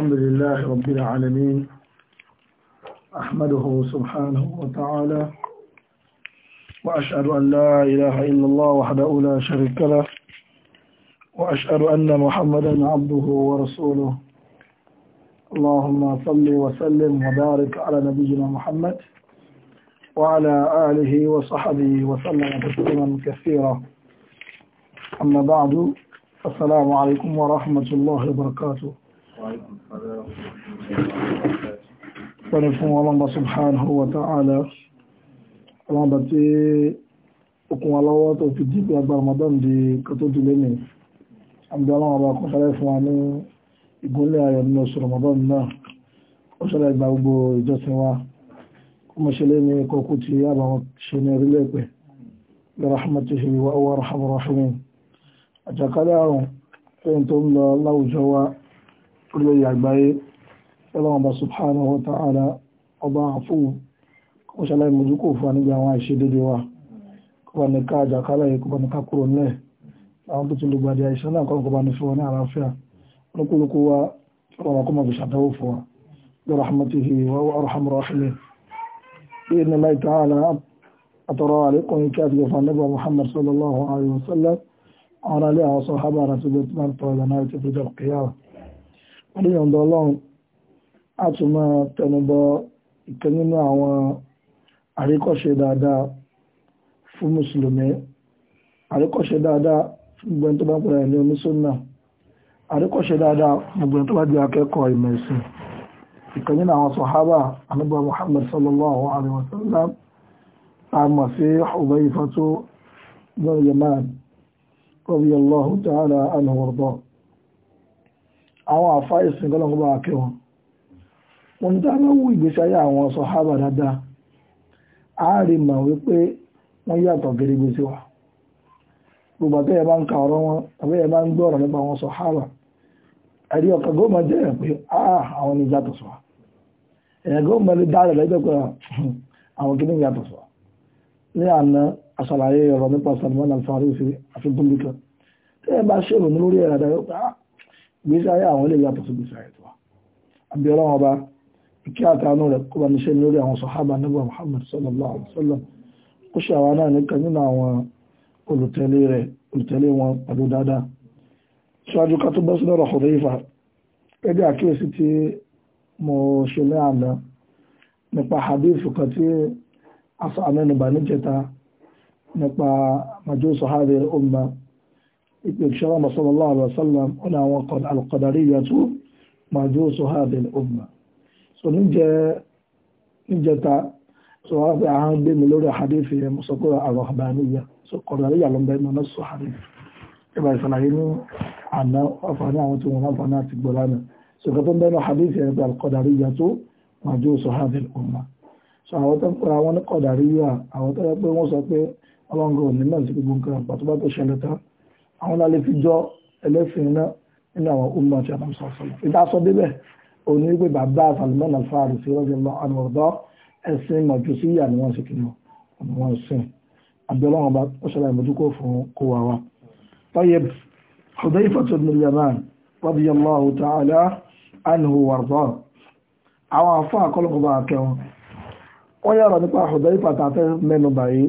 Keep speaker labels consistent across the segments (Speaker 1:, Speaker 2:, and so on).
Speaker 1: الحمد لله رب العالمين أحمده سبحانه وتعالى وأشهد أن لا إله إلا الله وحده لا شريك له وأشهد أن محمدا عبده ورسوله اللهم صل وسلم وبارك على نبينا محمد وعلى آله وصحبه وسلم تسليما كثيرا أما بعد السلام عليكم ورحمة الله وبركاته pẹ̀lú fún ọlọ́mọ subhanahu wa ta'ala ọlọ́mọ tí okun alọ́wọ́ tó fi dípẹ́ agbára Ramadan di kàtó dìlé ní àmì ọlọ́mọ bá kọ́ sáré fún wa ní ìgúnlẹ̀ ayọ̀ nínú oṣù Ramadan náà ó sọ́rọ̀ ìgbà gbogbo ìjọsìn wa kọmọ ṣe lé ní kọkú tí àbàwọn ṣe ní orílẹ̀-èdè àgbáyé ọlọ́wọ́n subhanahu wa ta'ala ọba àfún kọ́ ṣàlàyé mojú kò fún níbi àwọn àìṣedédé wa kọ́ bá ní ká àjàkálẹ̀ yìí kọ́ bá ní ká kúrò nílẹ̀ àwọn tó ti lè gbàdé àìsàn náà kọ́ bá ní fún wọn ní àlàáfíà olúkúlùkù wa ọlọ́wọ́n kọ́ fi ṣàtẹ́wò fún محمد صلى الله عليه وسلم على له وصحابه رسول الله صلى الله àríyànjọ́ ọlọ́run a tún máa tẹnubọ ìkan nínú àwọn àríkọ́ṣe dáadáa fún mùsùlùmí àríkọ́ṣe dáadáa fún gbogbo ẹni tó bá pẹ̀lú ẹni onísùnnà àríkọ́ṣe dáadáa gbogbo ẹni tó bá di akẹ́kọ̀ọ́ ìmọ̀ ẹ̀sìn ìkan nínú àwọn sọ̀hábà ànábì Muhammad sallallahu àmọ̀ sí àwọn àfá ìsìn gọ́lọ̀gbọ́ akẹ́ wọn wọ́n dá lọ́wọ́ ìgbésí ayé àwọn sàhábà dáadáa a rí mà wípé wọ́n yàtọ̀ gẹ́gẹ́ sí wa gbogbo àtẹ́yẹ bá ń ka ọ̀rọ̀ wọn àbẹ́yẹ bá ń gbọ́ ọ̀rọ̀ nípa àwọn sàhábà ẹ̀rí ọ̀kà gómà jẹ́ ẹ̀ pé ah, àwọn ni yàtọ̀ sọ ẹ̀yẹ gómà lè dá lẹ́jọ́ pé hmm, àwọn kìíní yàtọ̀ sọ ní àná àṣàlàyé ọ̀rọ̀ nípa Salman al-Farisi àfi gúnbíkan tẹ́yẹ bá ṣèrò lórí ẹ̀rọ gbèsè ayé àwọn ilé yàtọ̀ sí gbèsè ayé tó wa àbí ọlọ́run ọba kí àtàánú rẹ̀ kó bá níṣẹ́ lórí àwọn sọ̀hábà nígbà Muhammad sallallahu alaihi wasallam ó ṣe àwa nípa nípa majú sọ̀hábà ìpèsèrè sallallahu alaihi wasallam ọ̀nà àwọn al-qadariyatu majusu hadhihi al-umma so níjẹta so wọ́n fi àwọn gbé mi lórí àhàdífì yẹn mo sọ pé ar-rahbaniyya so qadariyya ló ń bẹ iná sọ àhàdífì ìbá so kẹtọ́ ń àwọn tó ń pè àwọn ní qadariyya àwọn tó wọ́n sọ pé ọlọ́ngọ̀ ní àwọn náà lè fi jọ ẹlẹ́sìn iná nínú àwọn ọmọ ọ̀ṣẹ́ àti sọ̀sọ̀lọ̀ ìdásọ débẹ̀ òní wípé bàbá Salman al-Farisi radiyallahu anhu ọ̀dọ́ ẹ̀sìn mọ̀júsíyà ni wọ́n sì kí ni wọ́n sìn abdullahi ba ọ̀ṣọ́lá ìmọ̀dúkọ̀ fún kowa wa tayyib Hudayfah ibn al-Yaman radiyallahu ta'ala anhu warda àwọn afọ àkọlùkọba akẹwọn wọ́n yára nípa Hudayfah tàfẹ́ mẹ́nu báyìí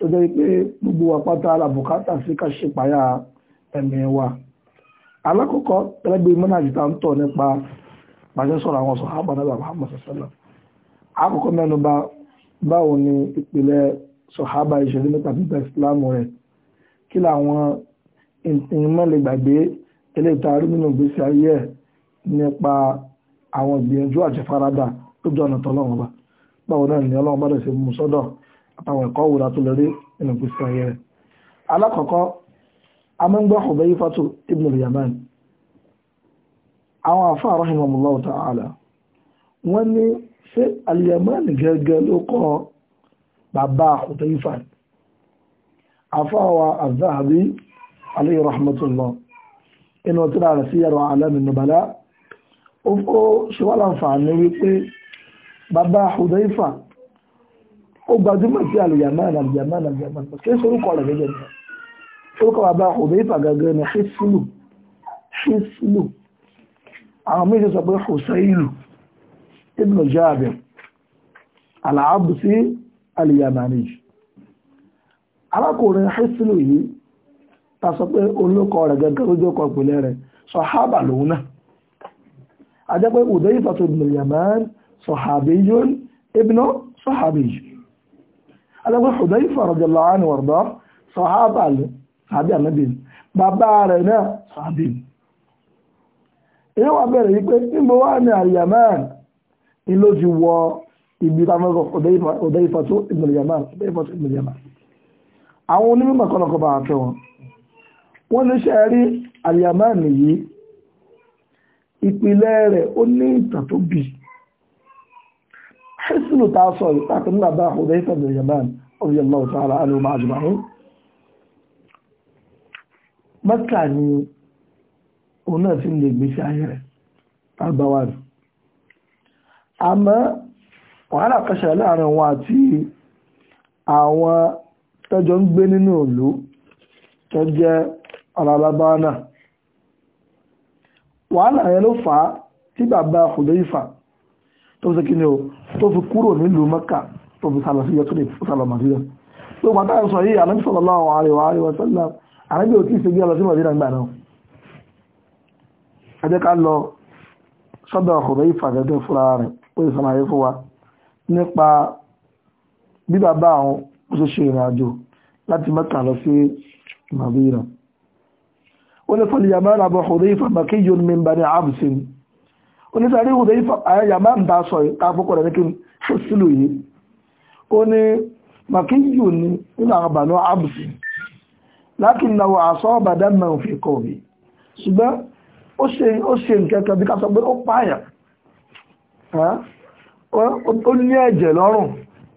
Speaker 1: tó jẹ́ pé gbogbo àpáta àbùkátà sí ká ṣe payá ẹ̀mí wa alákọ̀ọ́kọ́ tẹ́lẹ́gbẹ́ mọ́nàjì tá ń tọ̀ nípa pàṣẹ sọ̀rọ̀ àwọn sọ̀hábà náà Muhammad sọ̀sọ́lọ̀ àkọ́kọ́ mẹ́nuba báwo ni ìpìlẹ̀ sọ̀hábà ìṣẹ̀lẹ̀ nípa bíbá ìsìlámù rẹ̀ kí làwọn ìmọ̀lẹ̀ gbàgbé eléta rí nínú ìgbésí ayé ẹ̀ nípa àwọn ìgbìyànjú àti tó jọ ọ̀nà tọ́lọ́wọ́n bá báwo náà ni ọlọ́wọ́n bá dẹ̀ ṣe mú sọ́dọ̀ àtàwọn ẹ̀kọ́ wòrà tó lórí nínú gbèsè ayé rẹ̀ alákọ̀ọ́kọ́ amẹ́ngbẹ́ Hudayfatu ibn al-Yaman àwọn àfáà rahimahullahu ta'ala wọ́n ní ṣé al-Yaman gẹ́gẹ́ ló kọ́ bàbá Hudayfa àfáà wa az-Zahabi ó gbajúmọ̀ sí alìyàmán alìyàmán alìyàmán kí ṣe orúkọ rẹ̀ gẹ́gẹ́ nìkan orúkọ bàbá òbẹ́fà gẹ́gẹ́ ní ṣíṣílù ṣíṣílù àwọn méjì sọ pé hùsẹ́ìlù ibn jabir aláàbù sí alìyàmánì alákùnrin ṣíṣílù yìí ta sọ pé olókọ rẹ̀ gẹ́gẹ́ lójó kọ pìlẹ̀ rẹ̀ sọ̀hábà lòun náà a jẹ́ pé òbẹ́fà tó ibn al-yaman sọ̀hábíyún ibn sọ̀hábíyún alágbé Hudayfa radiyallahu anhu wàrúdọ́ sọ̀hábà ló sàbí ànábì ni bàbá rẹ̀ náà sàbí ni. èyí wà bẹ̀rẹ̀ yìí pé níbo wà ní al-Yaman ni ló ti wọ ibi táwọn Hudayfa tó ibn al-Yaman Hudayfa tó ibn al-Yaman. àwọn onímọ̀ hẹ́sùlù tá a sọ ìpàkì nígbà bá ọ̀dọ̀ ìfẹ̀dọ̀ yaman ọ̀rọ̀ yàmọ́ ta'ala alẹ́ ọmọ àjùmáhùn mẹ́ta ni òun náà ti lè gbéṣẹ́ ayé rẹ̀ tágbàwà rẹ̀ àmọ́ wàhálà kẹsẹ̀ láàrin wọn àti àwọn tọ́jọ ń gbé nínú òlú tó jẹ́ alábábá náà wàhálà yẹn ló fà á tí bàbá ọ̀dọ̀ ìfẹ̀dọ̀ tó fi kíni o tó fi kúrò nílùú mẹ́kà tó fi sàlọ̀ sí yọ tó lè sàlọ̀ màdínà tó pàtà ń sọ yìí ànábì sallallahu alaihi wa alihi wa sallam ànábì ò tí ì ṣègbè lọ sí màdínà gbà náà ẹ jẹ́ ká lọ sọ́dọ̀ ọkùnrin ìfàgẹ́gẹ́ fúnra rẹ̀ ó sì sàlàyé fún wa nípa bí lè fọlìyàmọ́ àbọ̀ ọkùnrin ìfàgẹ́gẹ́ yóò ní ní àbùsìn onísàrí ìwòdó yàmá ń bá sọ ìtàkùkọ̀ rẹ̀ ní kí n ṣe sílò yìí ó ní makíyù ní nínú àwọn bànú àbùsì lákìn náà àṣọ ọ̀bàdá mẹ́rin fi kọ̀ rí ṣùgbọ́n ó ṣe nkẹ́kẹ́ bí ká sọ pé ó pààyàn ó ní ẹ̀jẹ̀ lọ́rùn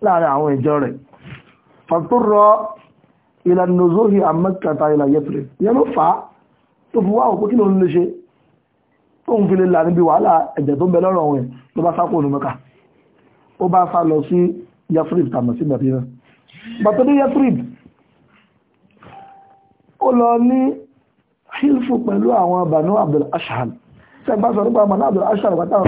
Speaker 1: láàrin àwọn ìjọ rẹ̀ tó ń fi lè là níbi wàhálà ẹ̀jẹ̀ tó ń bẹ lọ́rọ̀ wọn ló bá sákò onímọ̀ká ó bá sá lọ sí yathrib tàmọ̀ sí mẹ́fì náà bàtọ́ ní yathrib ó lọ ní hilfu pẹ̀lú àwọn banu abdul ashhal ṣe bá sọ nípa banu abdul ashhal pátá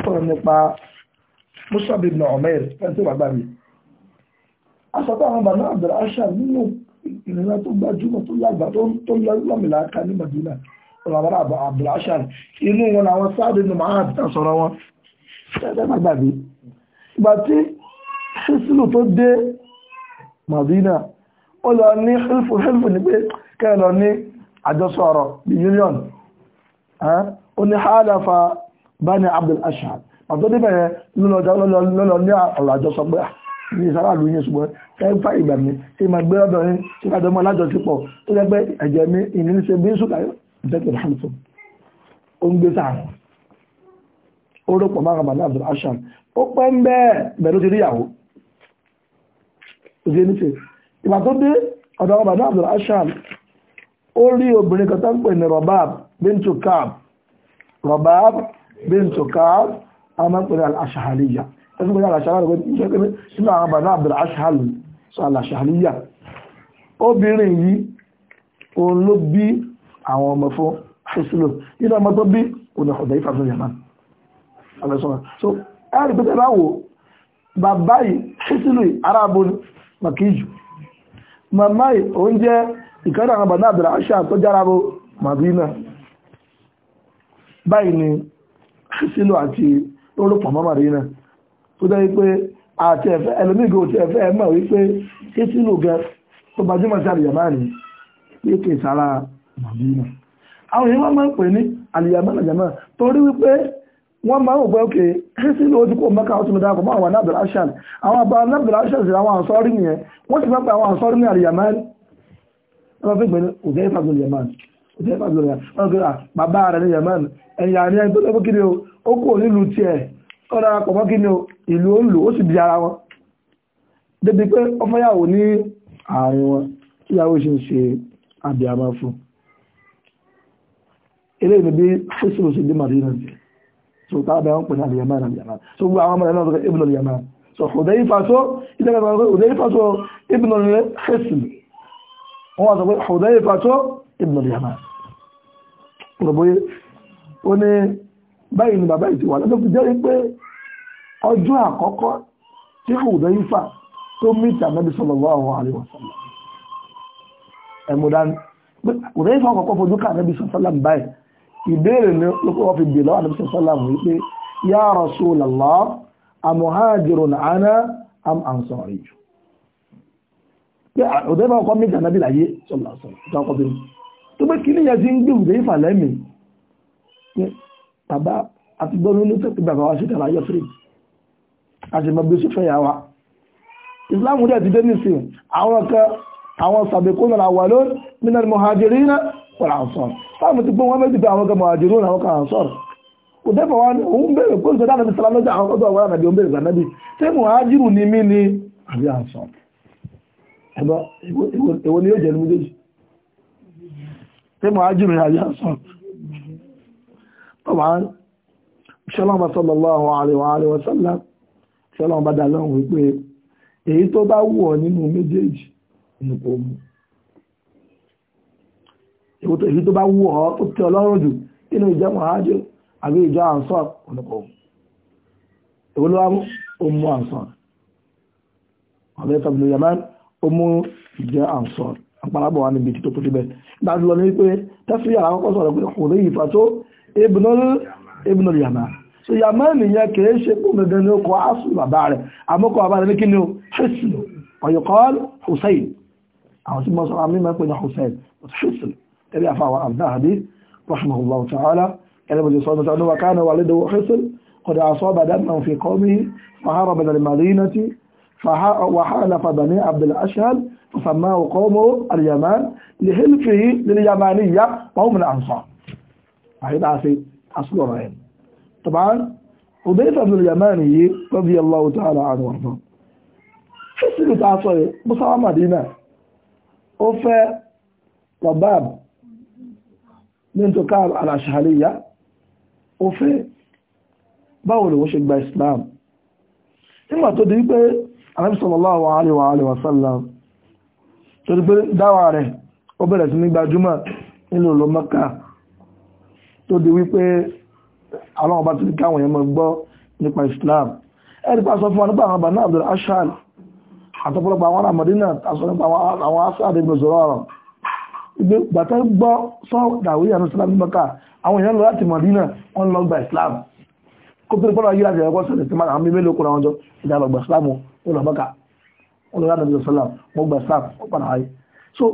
Speaker 1: ọ̀làbára abdulhashan inú wọn làwọn sáàdì ní mahad tán sọ̀rọ̀ wọn ṣẹ́ẹ́dẹ́ má gbàgbé ṣíṣílù tó dé madina ó lọ ní hilfu hilfu ní pé kẹ́ẹ̀ ní àjọsọ̀rọ̀ the union ó ní hálàfà bani abdulhashan àtọ́ níbẹ̀ yẹn lọ́lọ́ ní ní ìsára àlú yẹn tí ma gbé ọ̀dọ̀ yín tí ká jọmọ́ alájọsípọ̀ tó jẹ́ ẹ̀jẹ̀ mi ìní bí ń sùkà dẹ́gbẹ̀rẹ̀ hanson ó ń gbé sáàrùn ó rọ́pọ̀ márùn-ún abdul ashan ó pẹ́ ń bẹ́ẹ̀ bẹ̀rẹ̀ ti ríyàwó zenith ìgbà tó dé ọ̀dọ̀ ọmọdé abdul ashan ó rí obìnrin kan tó ń pè ní robab bintu kaab robab bintu kaab a máa ẹgbẹ́ ní al-ashahaliya ń ṣe pé àwọn ọmọdé abdul ashan sọ al obìnrin yìí òun ló bí àwọn ọmọ fún fúsùlù nínú ọmọ tó bí òní ọ̀dọ̀ ìfà fún yàmán alẹ́sọ̀rọ̀ so ẹ̀rì pé tẹ́lá wò bàbá yìí fúsùlù arábò màkíjù màmá yìí òun jẹ́ ìkẹ́rẹ́ àwọn bàbá àbẹ̀rẹ̀ àṣà tó jára bo màdínà báyìí ni fúsùlù àti lórúkọ mọ́ màdínà tó dẹ́ pé àti ẹ̀fẹ́ ẹlòmígò ti ẹ̀fẹ́ ẹ̀mọ̀ wípé fúsùlù sára Madina àwọn èèyàn máa ń pè ní aliyamana jama torí wípé wọ́n máa ń wò pé òkè kírísì ló ti kó mẹ́ka ọtún mẹ́ta kò máa wà ní Abdul Ashal àwọn àbá ní Abdul Ashal sí àwọn àǹsọ́rí nìyẹn wọ́n sì máa ń pè àwọn àǹsọ́rí ní aliyamani wọ́n máa ah, ni ẹni tó o ó kò nílùú tiẹ̀ ó dára pọ̀ o ìlú ó ń lò ó sì di ara wọn débi fún eléyìí bí fẹ́sìlò sí dé Madina sí so tàbí àwọn pẹ̀lú àlìyàmá àlìyàmá so gbogbo àwọn ọmọdé náà sọ ibùdó àlìyàmá so Hudayfa so ìdẹ́gbẹ̀ta sọ Hudayfa so ibùdó fẹ́sìlò wọ́n wá sọ pé Hudayfa so ibùdó àlìyàmá rọ̀bọ̀yé ó ní báyìí ni bàbá ìtìwà lọ́dọ̀ fi jẹ́rìí pé ọjọ́ àkọ́kọ́ tí Hudayfa tó mítà Nabi sallallahu alaihi wasallam ẹ̀mùdá Hudayfa àkọ́kọ́ fojú ìbéèrè ló pé wọ́n fi bèèrè lọ́wọ́ àdébísọ̀ sọ́lá mú wípé ya Rasulullah amuhajirun ana am ansari jù pé ọ̀dọ́ ìbá ọkọ̀ méjì ànábì láyé sọ́lá sọ́lá tó ọkọ̀ bẹ́ẹ̀ tó pé kíní yẹn ti ń gbé òde ìfàlẹ́ mi pé bàbá àti gbọ́n nínú tó pé bàbá wa ṣe àwọn kan àwọn sàbẹ̀kọ́ nàlà wà lónìí minal muhajirina wal sáàmù ti gbọ́ wọn méjì bí àwọn ọmọ àjẹrò àwọn kan sọ̀rọ̀ kò dẹ́fọ̀ wọn òun bèèrè pé ìṣẹ́dá àti sàlámù lọ́jọ́ àwọn àwọn òun ni mí ni àbí àṣọ ẹ̀bọ́ èwo ni yóò jẹ́ ní dà wípé èyí tó bá wù ọ nínú méjèèjì mú èyí tó bá wù ọ́ tó tẹ́ ọlọ́rùn jù nínú ìjọ mọ̀hájú àbí ìjọ àǹsọ́ ọ̀nàpọ̀ èwo ló wá mú ó mú àǹsọ́ ọ̀bẹ tọ́bi ní yamán ó mú ìjọ àǹsọ́ àpárabọ̀ wà níbi títọ́ tó ti bẹ̀ bá lọ ní pé tẹ́sí yàrá kọ́kọ́ sọ̀rọ̀ pé kò lè yìí fàtó ibùnú yamán so yamán nìyẹn kì í ṣe kó dandan ní ọkọ̀ asù bàbá rẹ̀ àmọ́kọ̀ bàbá rẹ̀ ní kí ni ó ṣèṣin ọ̀yọ̀kọ́ Hussein àwọn tí mo sọ àmì mẹ́pẹ́ ní الى فاو ام ذهبي رحمه الله تعالى قال ابو صالح تعالى وكان والده حصل قد اصاب دمه في قومه فهرب من المدينه فحالف بني عبد الاشهل فسماه قومه اليمان لحلفه لليمانية قوم الانصار هذا عسي اصل رأيه طبعا حديث ابن اليماني رضي الله تعالى عنه وارضاه حسن تعصيه مصر مدينة وفي طباب ní tó ká aláṣàríyá ó fẹ́ báwo lè wọ́n ṣe gba islam nígbà tó di wípé Ànábì sallallahu alaihi wa sallam tó di pé dáwà rẹ̀ ó bẹ̀rẹ̀ sí ní gbajúmọ̀ nílò lọ Mẹ́kà tó di wípé àwọn ọba tó káwọn èèyàn máa gbọ́ nípa islam ẹ̀rí pa sọ fún wa nípa àwọn Banu Abdul Ashal àtọ́pọ̀lọpọ̀ àwọn Madina àsọ nípa àwọn asáàdì gbèsòrò ìgbé gbàtọ́ gbọ́ sọ́dàwí àti islam ní mọ́ká àwọn èèyàn lọ láti mọ̀dínà wọ́n lọ gba islam kó tó pọ́nà yíra jẹ́ ẹ̀kọ́ sọ̀rọ̀ tí máa àwọn mímélòó kúra wọn jọ ìjà lọ gba islam wọn so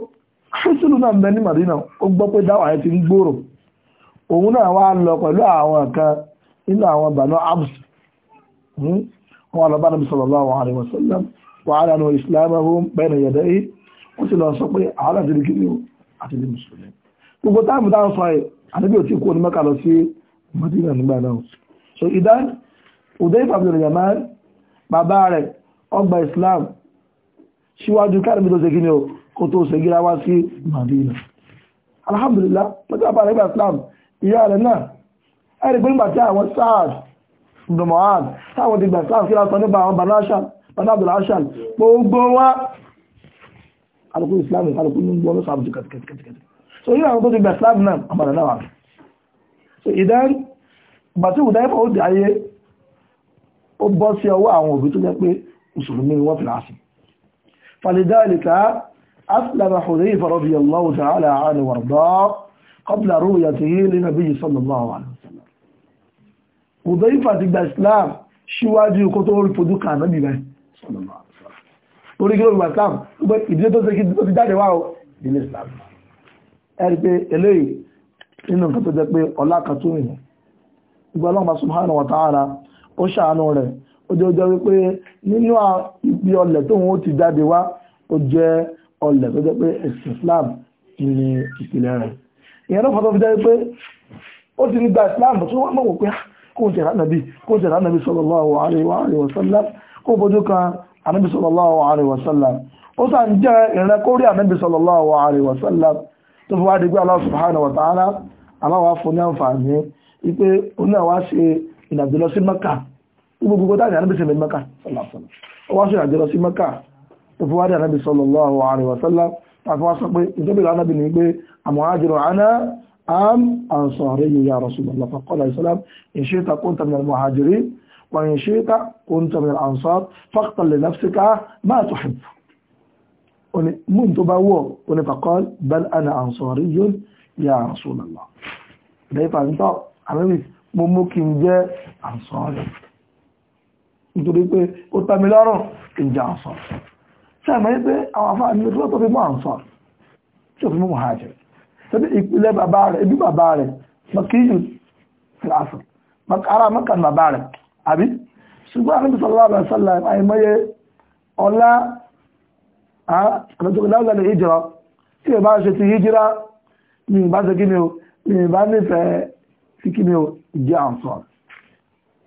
Speaker 1: ṣíṣùlù náà bẹ ní mọ̀dínà ó gbọ́ pé dáwà yẹn ti ń gbòòrò òun náà wá lọ pẹ̀lú àwọn kan nínú àwọn bànú abs hmm? wọn lọ bá nàbí sallallahu alaihi wasallam wọ́n sì lọ sọ pé àwọn àti àti ilé mùsùlùmí gbogbo táàmù táwọn sọ ẹ̀ àdébí ò tí kú ní Mẹ́kà lọ sí Mádínà nígbà náà so ìdán Hudayfa bin Yaman bàbá rẹ̀ ọgbà Islam síwájú kárìmí tó ṣe kí ni ó kó alhamdulillah pẹ̀lú àbá rẹ̀ gba Islam ìyá rẹ̀ náà ẹ̀rì pé nígbà tí àwọn Saad ibn Mu'adh táwọn ti gbà Islam kí lásán nípa àwọn Banu Hasham Banu Abdul kálukú ìsìláàmù kálukú ní gbọ́ lọ́sọ̀ àbùjù kẹtìkẹtìkẹtì so yíò àwọn tó ti gba ìsìláàmù náà àmàlà náà wà so ìdán ìgbà tí ìwòdá ìfọ̀ ó di ayé ó bọ́ sí ọwọ́ àwọn òbí tó jẹ́ pé mùsùlùmí ni wọ́n fi láàfin falidhalika aslama Hudhayfa radiyallahu ta'ala anhu warḍah qabla ru'yatihi linabiyyi sallallahu alaihi torí kí ló gbà islam gbogbo ìdílé tó sẹ́kí tó ti jáde wá o ìdílé islam ẹ̀rí pé eléyìí nínú nǹkan tó jẹ́ pé ọlá kan tó rìn gbogbo ọlọ́mà subhanahu wa ta'ala ó ṣàánú rẹ̀ ó jẹ́ ọjọ́ wípé nínú ibi ọlẹ̀ tó wọn ti jáde wá ó jẹ́ ọlẹ̀ tó jẹ́ pé islam ní ìpìlẹ̀ rẹ̀ ìyẹn ló fọ́tọ́ fi jẹ́ pé ó ti ní gba islam tó wọ́n mọ̀ wò pé ah, kóhun tẹ̀ránàbí kóhun tẹ̀ránàbí sallallahu alaihi wa sallam kó bójú kan anábì sallallahu alaihi wasallam ó sà ń jẹ́ ìrẹ́kórí anábì sallallahu alaihi wasallam tó fi wá di pé Allah subhanahu wa ta'ala aláwọ̀ fún ní àǹfààní wípé oníwà wá ṣe ìrìnàjò lọ sí Mẹ́kà gbogbo táyà anábì sí Mẹ́kà ó wá ṣe ìrìnàjò lọ sí Mẹ́kà tó fi wá di anábì sallallahu alaihi wasallam tàbí wá sọ pé ìjọba ìlànà bí ní pé àmọ̀hájìrò àná am ansariyu ya Rasulullah faqala ìsọ́lá ìṣẹ́ takún tàbí al وإن شئت كنت من الأنصار فاقتل لنفسك ما تحب منت بوا فقال بل أنا أنصاري يا رسول الله ده يبقى انت عمامي ممكن إيه؟ جاء أنصاري انت ريكو قلت ملارو انجا أنصار سامة يبقى أعفاء أن يغلط في ما أنصار شوف مو مهاجر سبي يقول لي بابارك يبقى بابارك ما كيجوز في العصر ما كارا ما كان àbí ṣùgbọ́n àmì sallallahu alaihi wasallam àìmọye ọlá àtọ́jọ́ dáwọ́lá ní hijira tí ìbá ṣe ti hijira ní ìbá ṣe kíni o ní ìbá nífẹ̀ẹ́ sí kíni o ìjẹ́ Ansar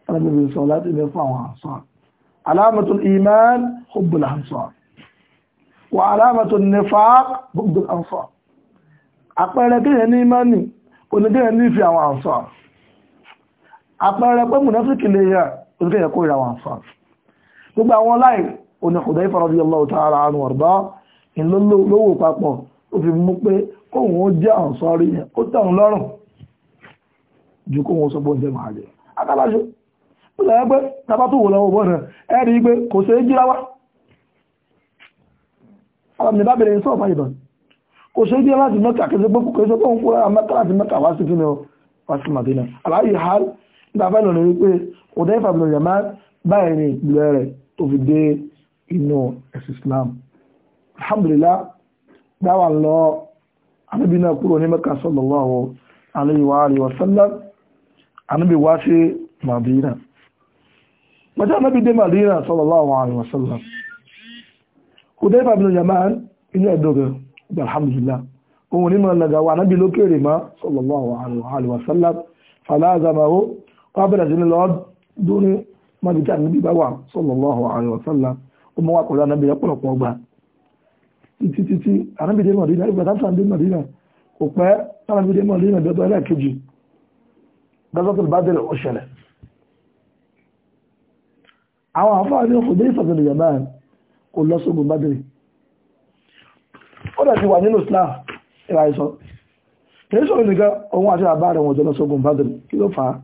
Speaker 1: alábẹ̀bẹ̀ sọ láti ilẹ̀ fún àwọn Ansar alamatul iman hubbul Ansar wa alamatul nifaq hubbul Ansar àpẹẹrẹ àpẹẹrẹ pé mùnáfíkì lè yà òṣìkẹ́ yẹ kó ìrà wọn fà gbogbo àwọn láì òní Hudhayfa radiyallahu ta'ala anhu ọ̀rọ̀dá ìlólówó papọ̀ ó fi mú pé kóhun ó jẹ́ àǹsọ́rí yẹn ó tẹ̀rùn lọ́rùn ju kóhun ó sọ bóun jẹ́ màá jẹ́ akáláṣe ó lọ pé tàbá tó wò lọ́wọ́ bọ́ọ̀nà ẹ rí i pé kò ṣe é jíráwá alamí bá bẹ̀rẹ̀ sọ́ọ̀fà ìdàn ìgbàfẹ́ lọ rẹ̀ wípé ọ̀dẹ́ ìfàmìlì rẹ̀ máa báyìí ní ìpìlẹ̀ rẹ̀ tó fi dé inú ẹ̀sìn Islam alhamdulillah dáwà ń lọ anábì náà kúrò ní Mẹ́kà sallallahu alayhi wa alihi wa anábì wá sí Madina pẹ̀lú anábì dé Madina sallallahu alayhi wa sallam ọ̀dẹ́ ìfàmìlì rẹ̀ máa inú ẹ̀dọ́ rẹ̀ alhamdulillah òun ní anábì lókèrè má sallallahu alayhi wa sallam falazamahu wọ́n bẹ̀rẹ̀ sí ní lọ dúró mọ́bí tí ànábì bá wà sallallahu alaihi wasallam ó mọ́ wà pẹ̀lú ànábì lọ́pọ̀lọpọ̀ ọgbà títí títí ànábì dé Mádínà ìgbà táwọn ànábì dé Mádínà kò pẹ́ ànábì dé Mádínà dọ́dọ̀ ẹlẹ́ẹ̀kejì gazọ́tò bá bẹ̀rẹ̀ ó ṣẹlẹ̀ àwọn àfáà ní ọkùnrin ìfàsẹ̀ lè yàmá kò lọ sógun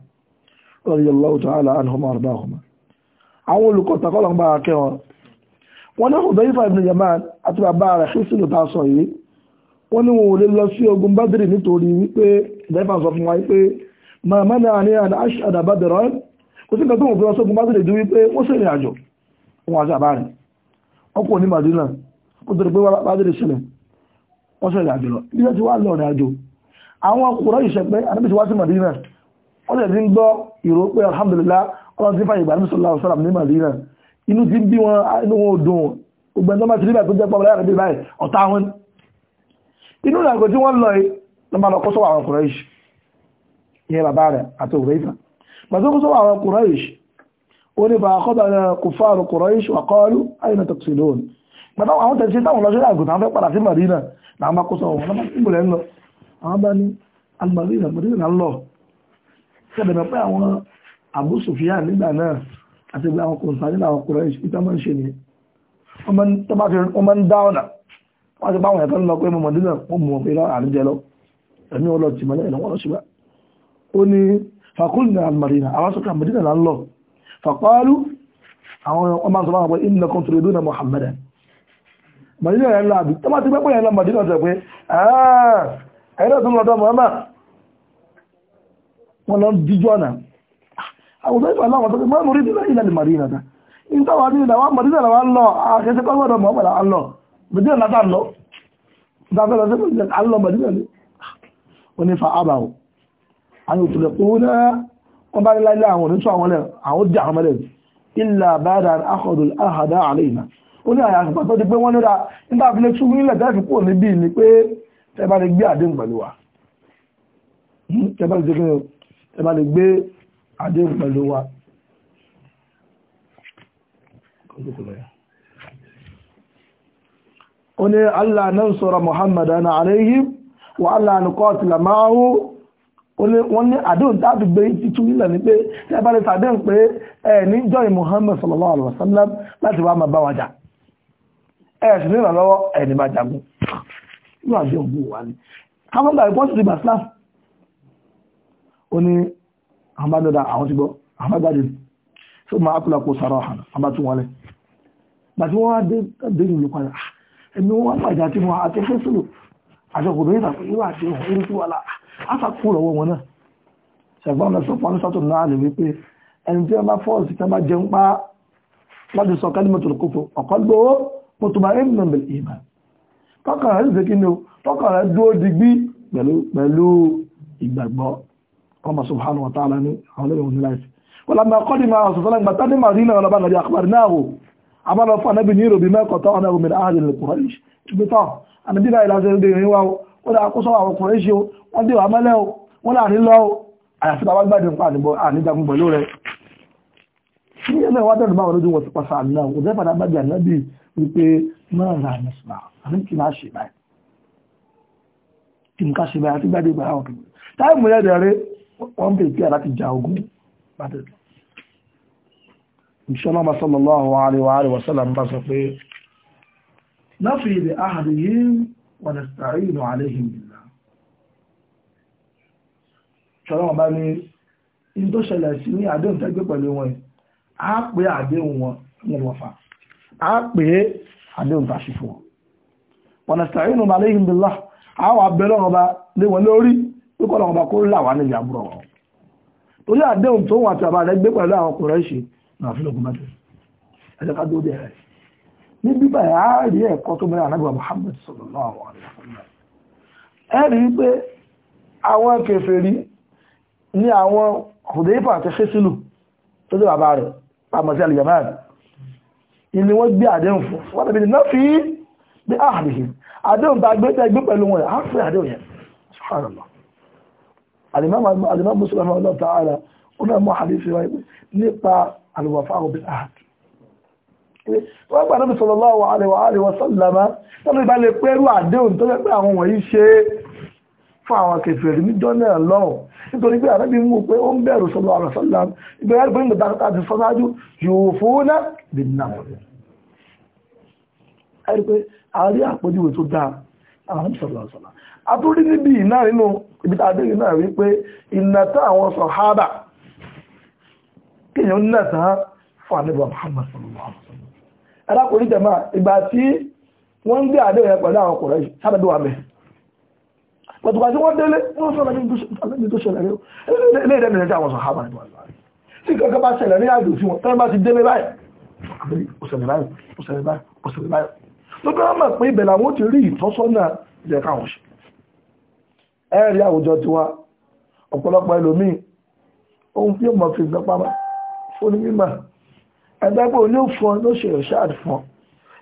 Speaker 1: radiyallahu ta'ala anhum arbahuma àwọn olùkọ́ takọ́lọ̀ ń bá akẹ́ wọn wọ́n ní Hudayfa ibn Yaman àti bàbá rẹ̀ ṣíṣìlò ta sọ yìí wọ́n ní wọn ò lè lọ sí ogun Badri nítorí wípé Hudayfa sọ fún wa wípé màmá náà ní àná ashhada Badran kò sí nǹkan tó wọ́n fi lọ sí ogun Badri ju wípé wọ́n sì rìn àjò wọn àti àbá rẹ̀ wọ́n kò ní Madina kó tó pé Badri ṣẹlẹ̀ wọ́n sì rìn àjò lọ bí wọ́n ti wá lọ rìn àjò àwọn Quraysh ìṣẹ̀pẹ́ àdébìtì wá Madina wọ́n sì ti ń gbọ́ ìró pé alhamdulillah ọlọ́run ti fàyè ìgbàlú sọ́lá ọ̀sọ́lá ní Madina inú ti bí wọn inú wọn dùn gbogbo ẹjọ́ máa ti rígbà tó jẹ́ pọ́bọ̀lá rẹ̀ bí báyìí ọ̀tá wọn inú ìrìnàjò tí wọ́n lọ lọ́mọ lọ kó sọ́wọ́ àwọn Quraysh ìyẹn bàbá rẹ̀ àti Hudayfa gbàtó kó sọ́wọ́ àwọn Quraysh ó ní bá kọ́ bàrẹ̀ kuffaru Quraysh wa qalu ayna taqsilun gbàtó àwọn tẹ̀sí táwọn sẹ́bẹ̀rẹ̀ pé àwọn Abu Sufyan nígbà náà àti ìgbà àwọn kòǹsà nílà àwọn kòrò ìṣẹ́ ìtàn máa ń ṣe ni wọ́n máa ń dá ọ̀nà wọ́n ti báwọn ẹ̀kan lọ pé mọ̀mọ̀ dínà wọ́n mọ̀ pé lọ́wọ́ àríjẹ lọ ẹ̀mí ọlọ ti mọ̀lẹ́ ìlọ́wọ́ lọ́ṣùgbà ó ní fàkúlùnà àmàrìnà àwọn sọ́kà àmàrìnà là ń lọ fàkọ́lù àwọn ọmọ sọ báwọn pé ìnà kọ́ntùrẹ́dù na Muhammadan mọ̀lẹ́dínà yẹn lọ àbí tọ́mọ́ ti gbẹ́pọ̀ wọ́n lọ díjú ọ̀nà ah, àwọn ọ̀dọ́ ìfọ̀láwọ̀ tó fi mọ́ mọ́rí nílẹ̀ ilẹ̀ mọ̀rínà dá in tó wà ní ìlà wọn mọ̀rínà lọ lọ àkẹsẹ́ kọ́ gbọ́dọ̀ mọ́ pẹ̀lú àlọ́ bẹ̀dẹ̀ látà lọ dáfẹ́ lọ sí àlọ́ mọ̀rínà ni ah, ó ní fa àbàwò àwọn òtùlẹ̀ kó ná wọn bá ní láyé àwọn onítú àwọn lẹ àwọn dí àwọn mẹlẹ ilà bàdà àkọdù àhàdà àlẹ di pé wọn níra nígbà fi lè tún nílẹ̀ tẹ́ẹ̀fì kúrò níbí ni pé tẹ́ gbé àdéhùn pẹ̀lú wa hmm, tẹ́ jẹ́ kí ẹ bá lè gbé àdéhùn pẹ̀lú wa ó ní allah náà sọ̀rọ̀ muhammad ana alayhim wa allah nìkọ́ tilà máa hù wọ́n ní àdéhùn dáàbì gbé títún nílẹ̀ ní pé tí ẹ bá lè sàdéhùn pé ẹ ní jọ́yìn muhammad sallallahu alaihi wasallam láti wá máa bá wa jà ó ní àwọn bá dọ́dà àwọn ti gbọ́ àwọn bá jáde tó máa kúlà kó sàrọ̀ hàn àwọn bá tún wọlé bàtí wọ́n wá dé ìlú padà ah, ẹ̀mí wọ́n wá pàjá tí wọ́n àti ẹgbẹ́ sílò àjọkò bẹ́ẹ̀ tàbí ìwà àti ìwọ̀n orí tí wà láà àtàkù lọ́wọ́ wọn náà ṣẹ̀gbọ́n lọ sọ fún ọlọ́sọ́tò pẹ̀lú ìgbàgbọ́ ọmọ subhanahu wa ta'ala ní àwọn olóyìn òní láìsí wọ́n lábẹ́ akọ́dì máa ọ̀sọ̀ sọ́lá ìgbà tádé máa rí náà lọ́ba nàbí àkàbàrí náà wò abọ́lọ́ fún anábì ní ìròbí mẹ́kọ̀ọ́tọ́ ọ̀nà òmìnira ààrẹ lè kùrọ̀ ìṣ ṣùgbọ́n tán anábì náà ìlàsẹ̀ ìdè ìrìn wa ó dá akóso àwọn kùrọ̀ ìṣe wọ́n dé wà mẹ́lẹ́ o wọ́n là ní lọ o àyàfi tàbá gbàdé nǹkan àníbọ̀ àníjàgún pẹ̀lú rẹ̀ ní ẹlẹ́ wa dẹ̀nu báwọn olójú wọn ti pàṣà náà kò dẹ́ táìmù yẹn dẹ̀ rẹ̀ wọ́n bèèrè pé aláti ja ogun bàtẹ̀ ìṣọ́nà bá sallallahu alaihi wa alihi wa sallam bá sọ pé náfìdì ahadihim wa nasta'inu alaihim billah ṣọ́nà bá ní in tó ṣẹlẹ̀ sí ní àdéhùn tẹ́gbẹ́ pẹ̀lú wọn a àdéhùn wọn ní wọ́fà a pé àdéhùn tàṣífò wa nasta'inu alaihim àwọn abẹ́lọ́rọ̀ bá wípé ọlọ́run ọba kó là wá níbi àbúrò wọn torí àdéhùn tó wọn àti bàbá rẹ̀ gbé pẹ̀lú àwọn ọkùnrin ṣe náà fi lókun mẹ́tẹ̀ ẹ̀jẹ̀ ká dúró dé rẹ̀ ní bíbá ẹ̀ á rí ẹ̀kọ́ tó mẹ́rin anábìwá Muhammad sallallahu alaihi wasallam ẹ̀ rí pé àwọn kèfèrí ní àwọn Hudayfa àti Khisilu tó dé alimọ́ musulman ọlọ́ tààrà ó náà mọ́ àdífẹ́ wáyé nípa alùwàfà ọ̀bẹ̀ ahad wọ́n gbà náà sallallahu alaihi wa sallama tọ́lú ìbá lè pẹ́rú àdéhùn tó lẹ́pẹ́ àwọn wọ̀nyí ṣe fún àwọn kèfèrí níjọ́ náà lọ́rùn nítorí pé àrẹ́bí mú pé ó ń bẹ̀rù sallallahu alaihi wa sallam ìgbẹ̀rẹ́ pé nígbà tá ti sọ́sájú yóò àárí àpójúwe tó dáa àwọn sallallahu alaihi àtúrí níbi iná nínú ibìta àdéhùn náà rí pé ìnàtà àwọn sọ̀hábà kíyàn nẹ́ta fún àníbà Muhammad sallallahu alaihi wasallam ẹ̀dàkùnrin jẹ̀má ìgbà tí wọ́n ń gbé àdéhùn yẹn pẹ̀lú àwọn ọkùnrin sábẹ̀dọ̀ àmì pẹ̀tùkà tí wọ́n délé wọ́n sọ̀rọ̀ ní tó ṣẹlẹ̀ rí ilé ìdẹ́mi rẹ̀ tí àwọn sọ̀hábà nípa tí kankan bá ṣẹlẹ̀ ní àjò sí wọn tẹ́lẹ̀ bá ti délé báyìí òṣèlè báyìí òṣèlè báyìí òṣèlè báyìí lókè wọn mọ̀ pé ibẹ̀ làwọn ti rí ìtọ́sọ́nà ìjẹ̀ká àwọn ṣe ẹ̀rí àwùjọ tiwa ọ̀pọ̀lọpọ̀ ẹlòmíì ohun tí ó mọ̀ fi nǹkan fún ní mímọ̀ ẹ̀dẹ́gbò ní ó fún ọ ṣe ìṣáàdì fún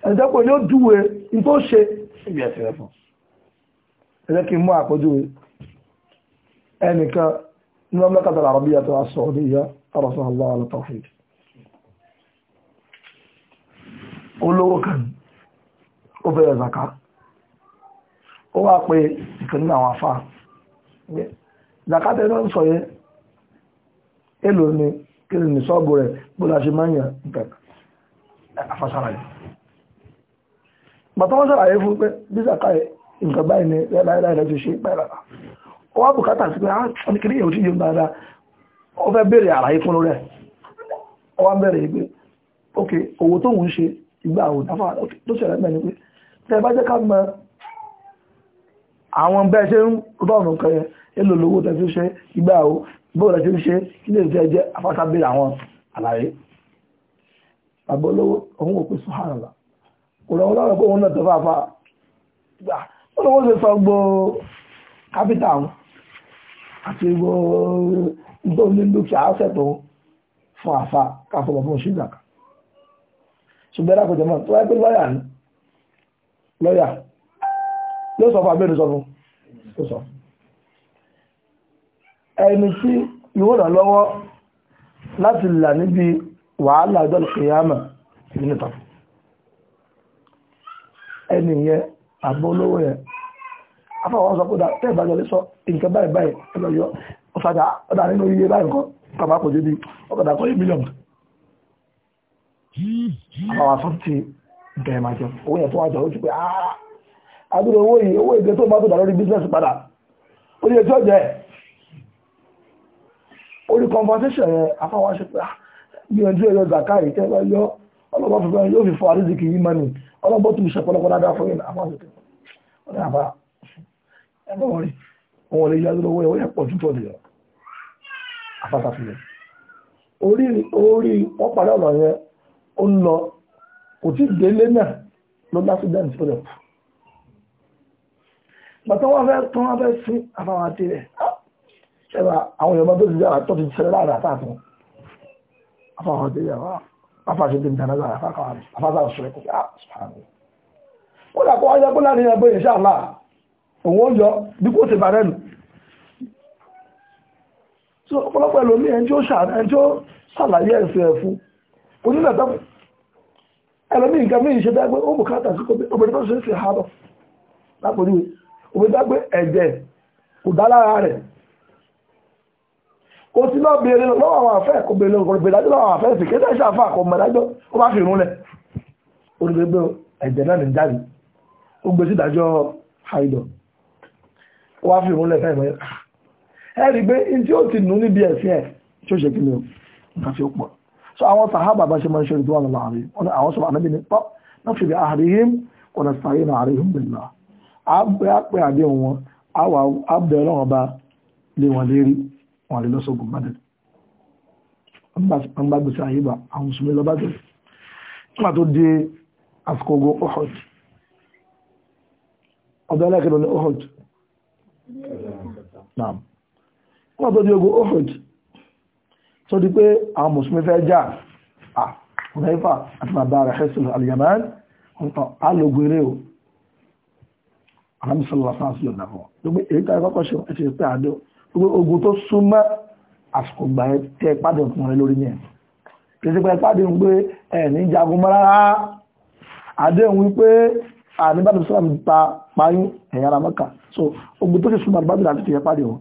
Speaker 1: ẹ̀dẹ́gbò ní ó dúwe ní tó ṣe ibi ẹ̀sìn rẹ̀ fún ẹ̀dẹ́ kí n mú ẹnìkan ní mẹ́kàtà làrọ̀ bí ẹ̀tọ́ aṣọ ní ìyá allah zakata náà ń sọ yẹn èlò ni kí ni sọ́ọ̀bù rẹ̀ gbọ́dọ̀ àṣẹ máa ń yàn nǹkan àfàṣàrà yìí bàtà wọ́n ṣàlàyé fún pé bí zaka nǹkan báyìí ni láìláì rẹ̀ ti ṣe báyìí rárá ó wá bùkátà sí pé àwọn kìí èyí ò tí yóò dáadáa ó fẹ́ bèèrè àlàyé fún rẹ̀ ó wá bẹ́ẹ̀ ṣe ń rọrùn kan èlò tẹ́ fi ṣe igbá o bóò rẹ̀ ti ń ṣe kí lè jẹ́ jẹ́ afásábẹ̀rẹ̀ àwọn àlàyé bàbá olówó òun ò pè sùhánàlá kò rọ̀ lọ́rọ̀ pé òun náà tọ́ fàáfà gbà ó lówó ṣe sọ gbọ́ kápítà àwọn àti gbọ́ nítorí ní dúkìá ṣètò fún àfà káfọ́ bàbá òun ṣígbà kan ṣùgbọ́n ẹ̀rọ àpèjẹ mọ́ tó wáyé pé lọ́yà ni lọ́yà ló sọ fún ẹni tí yóò ràn lọ́wọ́ láti là níbi wàhálà ọjọ́ ìkìyàmà ìbínú tán ẹni yẹn àbọ̀ olówó yẹn afọwọ́ sọ pé tẹ́ ìbájọ́ lé sọ nǹkan báyìí báyìí ẹgbẹ́ yọ ọ̀sàdà ọ̀dà nínú iye báyìí kan kàmá kò jẹ́ bí ọ̀kadà kọ́ mílíọ̀nù àwọn àfọ́ ti bẹ̀rẹ̀ máa jẹun owó yẹn tó wájọ ó ti pé àádúró owó owó ìgbé tó bá tó dà lórí bísíǹsì padà ó yẹ tí ó jẹ́ orí compensation yẹn afáwọn ṣe pé ah, gbìyànjú ẹ̀yọ zakari tẹ́ bá yọ ọlọ́gbọ́n fún yóò fi fọ àríziki yìí mọ́ni ọlọ́gbọ́n tó ṣe pọ́lọ́pọ́ dáadáa fún yìí afáwọn ṣe pé wọ́n ní àbá ẹgbẹ́ wọn rí wọn lè yá lówó ẹ̀ ó yẹ pọ̀ ju tọ́ nìyẹn afáfá fi yẹn orí orí wọ́n parí ọ̀rọ̀ yẹn ó ń lọ kò tí délé náà ló lásìdẹ́ǹtì tó lẹ̀ pù bàtà wọn fẹ́ tán ṣẹ́ra àwọn èèyàn tó ti jẹ́ àtọ́ ti ṣẹlẹ̀ láàrin àtàkùn afáwọn ọdẹ yàrá afáṣe tó ń dáná lára afáṣà nǹkan mí ìṣẹ́ dágbé ó bùkátà sí obìnrin tó ṣe é sí àárọ̀ lápòríwé obìnrin dágbé ẹ̀jẹ̀ kò dá lára rẹ̀ ó ti lọ bèèrè lọ́wọ́ àwọn àfẹ́ kò bèèrè lọ́wọ́ bèèrè dájọ́ lọ́wọ́ àfẹ́ ìsìnkú ẹ̀ṣẹ́ àfà kò mọ̀ dájọ́ ó bá fi rúnlẹ̀ olùgbẹ́gbẹ́ ẹ̀jẹ̀ náà ní jáde ó gbé sí ìdájọ́ haidọ̀ ó wá fi rúnlẹ̀ fẹ́ ìmọ̀ rí pé in tí ó ti nù níbi ẹ̀sìn ẹ̀ tí ó ṣe kí ni o nǹkan tí pọ̀ so àwọn sàhábà bá ṣe máa ń ṣe ìdúwà lọ láàrin àwọn sọ àmì ní pọ́ náà fi bí àríhìm kò nà sàárè náà àríhìm bìlá àpẹ àpẹ àdéhùn wọn àbẹ̀ ọlọ́run ọba lé wọn lérí wọn lè lọ́sọ̀gùn bá dẹ̀ wọ́n bá gbèsè àwọn lọ bá nígbà tó di àsìkò ogun Uhud ọ̀dọ́ ní nígbà tó di ogun Uhud tó di pé àwọn mùsùlùmí fẹ́ jà à àti bàbá rẹ̀ Hisul al-Yaman alógun o gbogbo èyí ogun tó súnmọ́ àsìkò gbà ẹ tẹ pàdé ọkùnrin rẹ lórí yẹn kìí pẹ́ pàdé ń pé ẹ̀ní jagun mọ́ rárá àdéhùn wípé àníbàdàn sọ́lá mi pa payún ẹ̀yà ara mọ́kà so ogun tó sì súnmọ́ àdúgbò àti tẹ̀yẹ pàdé wọn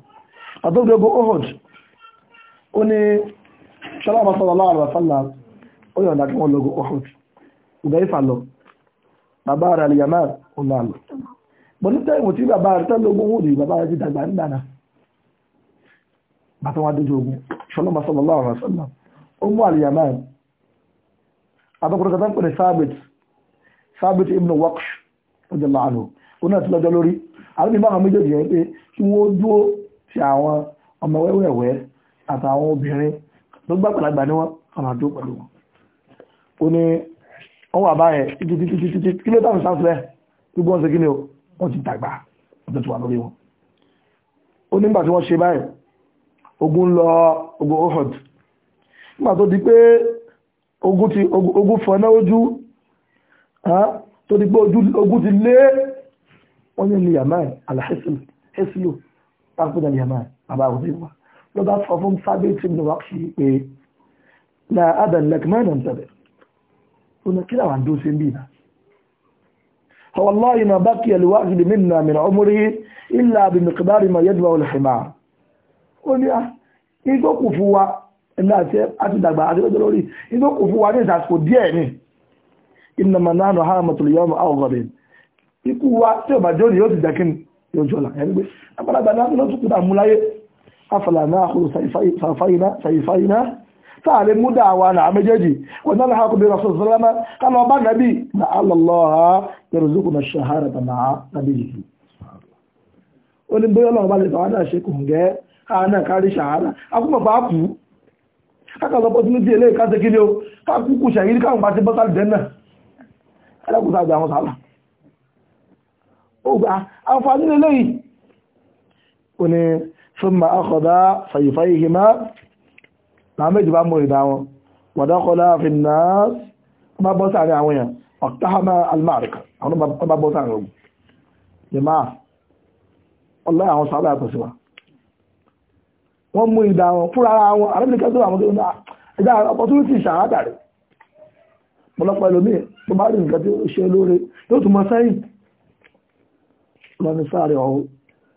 Speaker 1: ọ̀tọ́ gbé ogun ohud ó ní sọ́lá ọmọ sọ́lá aláwọ̀ àlùfáàlà ó yọ̀ǹda kí wọ́n lọ́gọ́ ohud ìgbà ìfà lọ bàbá rẹ̀ àlìyàmá ọ̀nà àlọ́ bọ́n ní tẹ́wọ̀n tí bàbá rẹ̀ tẹ́lẹ̀ ogun ohud bàbá rẹ̀ ti dàgbà nígbà náà bàtà wọn adójú ogun ṣọlọ́mà sallallahu alaihi wasallam ó mú al-Yaman abẹ́kùnrin kan pẹ̀lú sábẹ̀t sábẹ̀t ibn Waqsh ọjọ́lá àlò ó náà ti lọ́jọ́ lórí àbí báwọn méjèèjì yẹn pé kí wọ́n dúró ti àwọn ọmọ wẹ́wẹ́wẹ́ àtàwọn obìnrin tó gbá pàlágbà ní wọn ọmọ àdó pẹ̀lú wọn ó ní wọ́n wà báyẹn títítítítítí kí ló dáhùn sáfẹ́ gbogbo wọn ṣe ogun lọ ogun ohud nígbà tó di pé ogun ti ogun fọ́nà ojú tó di pé ogun ti lé wọ́n yẹn ní yamai alhessilu pàápàá ní yamai bàbá àwòrán ìwà ló bá sọ fún sábẹ́ tí mo wá sí pé na adam lekman and sẹ́bẹ̀ ó ní kí làwọn àdó ṣe ń bì náà فوالله ما بقي الواحد منا من عمره إلا بمقدار ما يدفع الحمار ó ní à ah, igbó kù fún wa ẹ̀mí àti àti dàgbà àti lọ́jọ́ lórí igbó kù fún wa ní ìsàsìkò díẹ̀ ni ìnàmà náà nù hàn mọ̀tòlù yọ̀ọ̀mù àwòrán ikú wa tí ò bá jẹ́ òní yóò ti dàkín yóò jọ̀la ẹni pé àgbàlagbà náà ló tún kúrò àmúláyé afàlà náà àkúrò sàìfáyìná táà lè mú dáàwà náà méjèèjì wọn náà lọ́ha kò bí na alọ́lọ́ha na ṣahara tàmà nàbí yìí ó ní ọlọ́run bá lè tàwọn náà ṣe kùn gẹ́ káà náà kárí ṣàhálà akúmọ̀ bá kú kákàlọ́ opportunity ilé ìkáṣẹ́ kí ní o káàkúkù ṣàyírí káàkùn bá ti bọ́ sáré dẹ́nà alákùnsá àgbà àwọn sàálà ó gbà àǹfààní lélẹ́ yìí ó ní súnmà àkọ̀dá sàyífà ihe má láà méjì bá mú ìdá wọn wàdákọ́lá finnas bá bọ́ sáré àwọn èèyàn ọ̀táhàmà almarika àwọn bá wọ́n mú ìdá wọn fúnra ara wọn arábìnrin tó àwọn tó ń ẹja opportunity ṣàhádà rẹ̀ pọ̀lọpọ̀ ẹlòmíì tó bá rí nǹkan tí ó ṣe lóore yóò tún mọ sẹ́yìn lọ́ni sáré ọ̀hún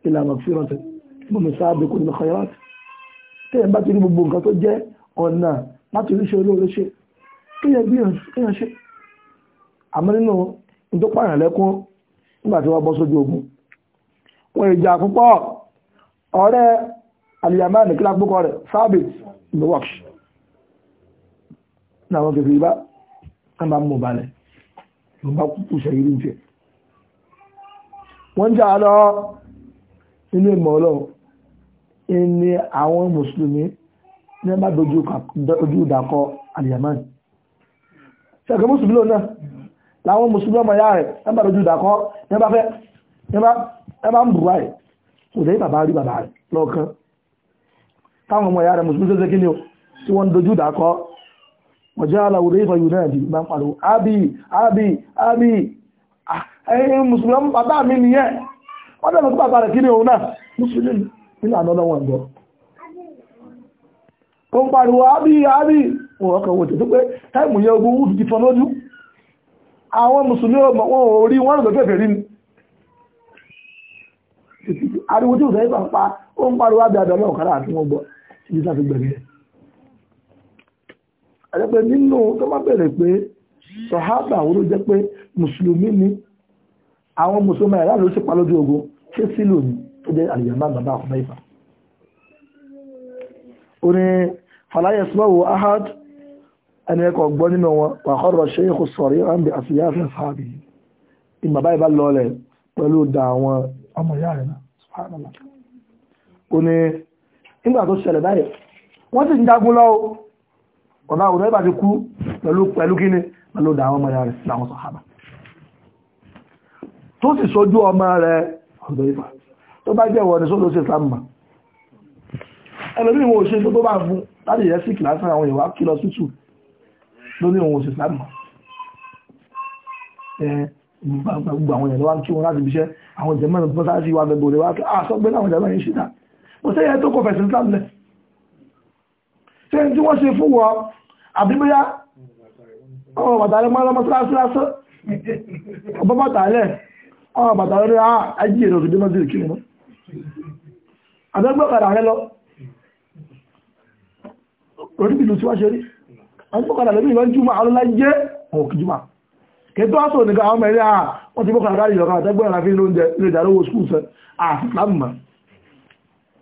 Speaker 1: ìlànà fírànṣẹ́ mọ̀mí sáábẹ̀ kò nínú kọyọ́láti tí ẹ̀ bá ti rí gbogbo nǹkan tó jẹ́ ọ̀nà láti ríṣẹ́ olóore ṣe kíyàn aliyamani kí lápúkọ rẹ̀ sábẹ̀ ló wà ṣe náà wọ́n kẹfì bá a máa mú balẹ̀ ló bá kúkú ṣẹ̀yí ní ìfẹ́ wọ́n jà lọ nínú ìmọ̀ ọlọ́run ní àwọn mùsùlùmí ní ẹgbà dojú ìdàkọ aliyamani ṣẹ̀kẹ́ mùsùlùmí lónà láwọn mùsùlùmí ọmọ ya rẹ̀ ẹgbà dojú ìdàkọ ẹgbà fẹ́ ẹgbà ń bùrọ̀ rẹ̀ kò dé bàbá rí bàbá rẹ̀ lọ́kàn táwọn ọmọ ìyá rẹ̀ mùsùlùmí ṣe kí ni o tí wọ́n dojú dàkọ́ ọjọ́ àwòrán ìfọ̀ united bá ń pariwo abi abi abi ah, ẹ̀yìn mùsùlùmí bàbá mi nìyẹn wọ́n dẹ̀ mọ̀ sí bàbá rẹ̀ kí ni òun náà mùsùlùmí nínú àná ọlọ́wọ́ ẹ̀gbọ́ ó ń pariwo abi abi wọn ọkọ̀ wò tètè pé táìmù yẹ ogun wúdù ti fọn lójú àwọn mùsùlùmí ọmọ wọn ò rí wọn lọ́dọ̀ fẹ́fẹ́ rí ni ariwo gbọ́ ibi sáfi gbẹ̀mí ẹ̀rẹ́pẹ́ nínú tó má bẹ̀rẹ̀ pé sọ̀hábà àwọn ló jẹ́ pé mùsùlùmí ni àwọn mùsùlùmí ẹ̀rá ló ṣe pa lójú ogun ṣé sílò ní tó jẹ́ àlìyàmá bàbá àkọ́bá ìfà ó ní fàlàyé sọ́wọ́ ahad ẹni ẹkọ̀ gbọ́ nínú wọn pàkọ́rọ̀ ṣe é kò sọ̀rí ránbì àṣìyá fẹ́ sáàbì ọmọ ìyá rẹ̀ ó ní nígbà tó ṣẹlẹ̀ báyìí wọ́n sì ń dágún lọ́wọ́ ọ̀nà àwòrán ìbá ti kú pẹ̀lú pẹ̀lú kíní pẹ̀lú dàwọn ọmọ rẹ̀ láwọn sọ̀hábà tó sì sojú ọmọ rẹ̀ ọ̀dọ̀ ìfà tó bá jẹ́ wọ̀n sóló sí sáàmà ẹlòmí wọn ò ṣe tó bá fún láti yẹ sí kìláṣà àwọn ìwà kí lọ sútù lórí wọn ò sí sáàmà gbogbo àwọn ìyẹn lọ́wọ́ kí wọn láti bíṣẹ́ àwọn ìjẹ́mọ́ kò sẹ́yẹ tó kò fẹ̀sìn Islam lẹ̀ tí wọ́n ṣe fún wọ àbíbóyá ọmọ bàtà rẹ̀ máa lọ́mọ ọba bàtà ọmọ bàtà rẹ̀ ají ah, èrò òfin dínmọ́ sí mọ́ rẹ̀ lọ oríbìlú tí wá ṣe rí rẹ̀ ah, lọ jùmọ̀ alọ́lá jẹ́ òkìjùmọ̀ kẹtọ́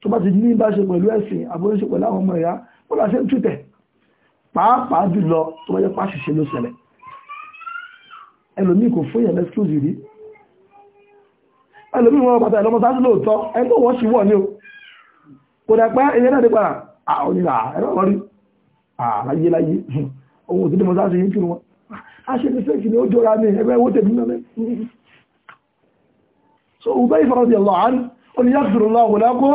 Speaker 1: tó bá ti ní bá ṣe pẹ̀lú ẹ̀sìn àbóríṣe pẹ̀lú àwọn ọmọ ìyá ó bá ṣe ń tútẹ̀ pàápàá jùlọ tó bá jẹ́ pàṣìṣe ló ṣẹlẹ̀ ẹlòmíì kò fún ìyẹ̀lẹ́ skills rí ẹlòmíì wọn bàtà ìlọmọ sáà lóòótọ́ ẹni tó wọ́n ṣì wọ̀ ní o kò dẹ̀ pẹ́ ẹyẹ náà dé padà àwọn ìlà ẹ̀rọ rí àlàyé láyé ohun òtítọ́ mọ́ sáà ṣe yín kí wọn a ṣe ní fẹ́ẹ̀kì ni ó jọra ní ẹgbẹ́ owó tèmi náà so Ubay radiyallahu anhu ó ní yaghfirullahu lakum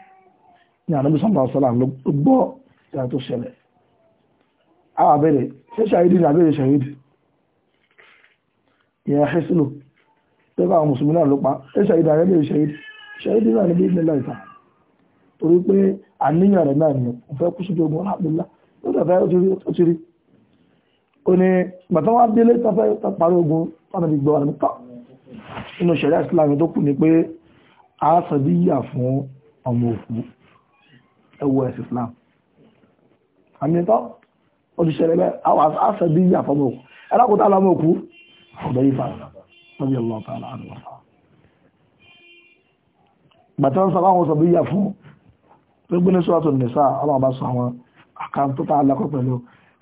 Speaker 1: ní ànábì sọ́nà ọ̀sọ́là ló gbọ́ ìyá tó ṣẹlẹ̀ àwọn abẹ́rẹ́ ṣé ṣàhídì ní abẹ́rẹ́ ṣàhídì ìyá hẹ́sìlò tẹ́gbà àwọn mùsùlùmí náà ló pa ṣé ṣàhídì abẹ́rẹ́ ṣàhídì ṣàhídì náà ní bí ilẹ̀ láìta torí pé àníyàn rẹ̀ náà ni ó fẹ́ kú sójú ogun alhamdulillah ó dàbẹ́ ó ti rí ó ní bàtà wá délé tafẹ́ ẹwọ Islam àmìtọ́ ó ti ṣẹlẹ̀ bẹ́ẹ̀ àwọn àṣẹbí yà fọmọ òkú ẹlákòótá lọmọ òkú ọ̀dọ̀ yìí fara lọ́bí ọlọ́ọ̀ta aláàrùn ọ̀fà bàtà ń sọ àwọn sọ̀bí yà fún gbogbo ní sọ́ọ̀tù nìsá ọlọ́ọ̀bá sọ àwọn àkáǹtó tá a lẹ́kọ̀ọ́ pẹ̀lú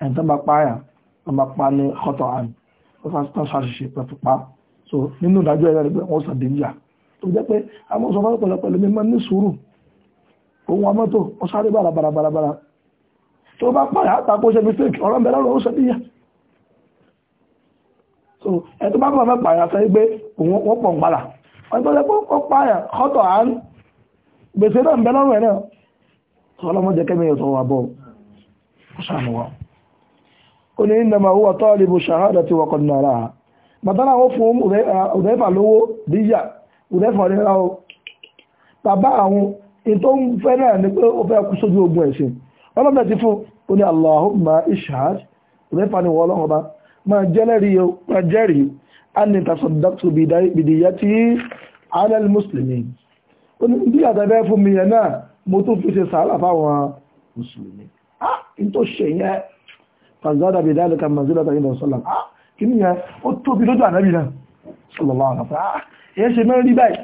Speaker 1: ẹ̀ǹtẹ́ bá páyà wọ́n bá pa ní kọ́tọ̀ àn wọ́n ṣàṣìṣe pẹ̀tù pa so nínú ìdájọ́ ẹ̀rẹ́ rẹ̀ wọ́n sọ̀bí yà tó jẹ́ pé àwọn sọ̀bá pẹ̀lú pẹ̀lú mímọ́ òun ọmọ tó ó sáré bàràbàràbàrà tó bá pààyà àtàkó ṣe mistake ọ̀rọ̀ mẹ́rẹ̀ ọ̀rọ̀ ó ṣe níyà so ẹni tó bá bàbá pààyà sọ pé òun wọ́n pọ̀ ń padà wọ́n tó lẹ́pọ̀ ó pààyà ọ̀tọ̀ à ń gbèsè náà ń bẹ lọ́rùn ẹ̀ náà sọ ọlọ́mọ jẹ́ kẹ́mi ọ̀sọ̀ wà bọ̀ ó ṣàánú wa ó ní ìnàmà owó talibu shahadati wa qad naraha bàtàrà wọn fún Udayfa lówó díyà ètò ń fẹ́ náà ni pé ó fẹ́ kú sójú ogun ẹ̀sìn ọlọ́mọdé ti fún ó ní Allahumma ishhad rẹ́fà ni wọ́n ọlọ́run ọba máa jẹ́lẹ́rìí o máa jẹ́rìí anni tasaddaqtu bidiyati ala al-muslimin ó ní bí àtàbẹ́ fún mi yẹn náà mo tún fi ṣe sàárà fáwọn mùsùlùmí ah in tó ṣe yẹn fàzádà bidhalika manzilatan inda sallam mẹ́rin rí báyìí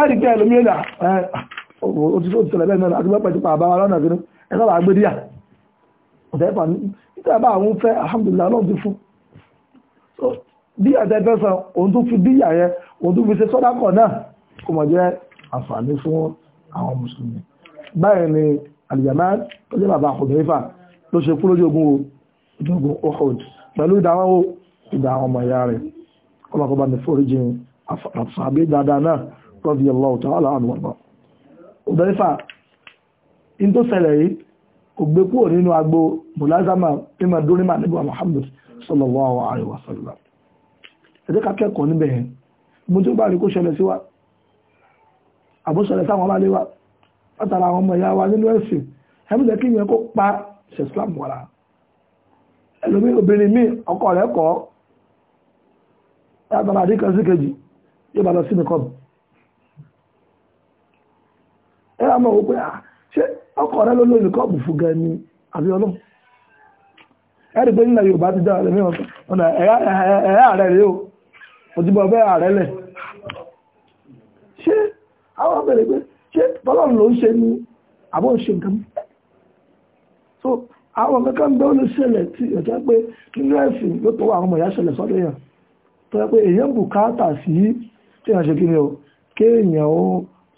Speaker 1: ẹ̀rí pé ẹlòmíràn òtítọ́ òtítọ́ lẹ́bẹ̀ẹ́ náà àti wẹ́pẹ̀ pa àbára lọ́nà sínú ẹ̀sọ́ bá gbé díà ọ̀tẹ́fà ní títà bá àwọn fẹ́ alhamdulillah ọlọ́run ti fún díà tẹ́ fẹ́ san òun tún fi díà yẹn òun tún fi ṣe sọ́dákọ̀ náà kò mọ̀ jẹ́ àǹfààní fún àwọn mùsùlùmí báyìí ni àlìyàmá tó jẹ́ bàbá àkùnrinfà ló ṣe kú lójú ogun ogun ohud pẹ̀lú ìdáwọ́ ìdá àwọn ọmọ ìyá rẹ̀ òbẹ́fà in tó ṣẹlẹ̀ yìí kò gbé kúrò nínú agbo mùlázàmà pímọ̀ dúrímà nígbà Muhammad sallallahu alaihi wasallam ẹ̀dẹ́ ká kẹ́kọ̀ọ́ níbẹ̀ yẹn mo tí ó bá rí kó ṣẹlẹ̀ sí wa àbúṣẹlẹ̀ sáwọn aláàlẹ́ wa látara àwọn ọmọ ìyá wa nínú ẹ̀sìn ẹ̀mùsẹ̀ kí ìyẹn kó pa ṣẹ̀sìlám wọ́ra ẹlòmí obìnrin míì ọkọ rẹ̀ kọ́ látara àdíkan sí yóò bá lọ sí nìkan ẹ wà mọ̀ wípé Ṣe ọkọ̀ rẹ ló lóyún kọ́ọ̀bù fún gan ni àbí ẹ pé nílẹ̀ Yorùbá ti dára lẹ́mí ọ̀nà ẹ̀yà ààrẹ rèé òjúbọ̀ ààrẹ ṣe àbọ̀ ṣe nǹkan so àwọn kankan bẹ́ẹ̀ ṣẹlẹ̀ tí pé nínú ẹ̀sìn ló àwọn ọmọ ìyá ṣẹlẹ̀ sọ́dọ̀ èèyàn tó yẹ pé èèyàn sí ṣe kí ni o kéèyàn ó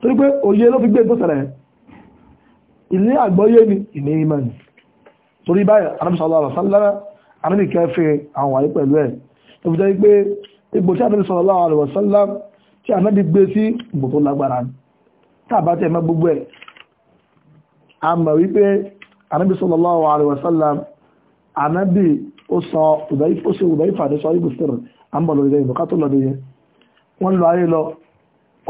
Speaker 1: torí pé òye ló fi gbé tó ṣẹlẹ̀ ilé àgbọ́yé ni ìní ìmọ̀ ni torí báyìí anábìsọ̀lọ́ àlọ́sálẹ́rẹ́ anábìkẹ́ fi àwọn wáyé pẹ̀lú ẹ̀ tó fi jẹ́ pé ipò tí anábìsọ̀lọ́ àlọ́sálẹ́ tí anábì gbé sí ipò tó lágbára ni tàbá tẹ̀ mọ́ gbogbo ẹ̀ a mọ̀ wípé anábìsọ̀lọ́ àlọ́sálẹ́ anábì ó sọ ìbáyìí fàdé sọ ibùsùn àmbọ̀lọ́ ìrẹ́ ìbùkátó lọ́dẹ yẹn wọ́n lọ ayé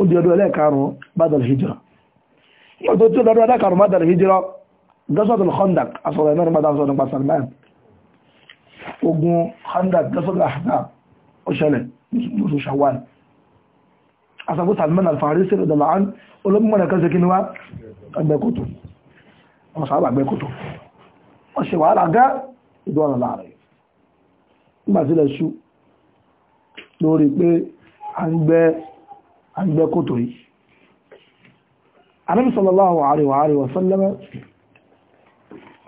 Speaker 1: ó di ọdún ẹlẹ́ẹ̀karùn-ún badal hijra yóò tó tí ó dọdún ẹlẹ́ẹ̀karùn-ún badal hijra gazwatul khandak asọ̀rọ̀ ẹ̀mẹ́rin bá dáńsọ̀ nípa salman ogun khandak gazwatul ahzab ó ṣẹlẹ̀ lóṣù shawwal asàbó salman alfarisi lórí pé à ń gbẹ́ àgbẹ́ kòtò yìí anábì sallallahu alaihi wa sallam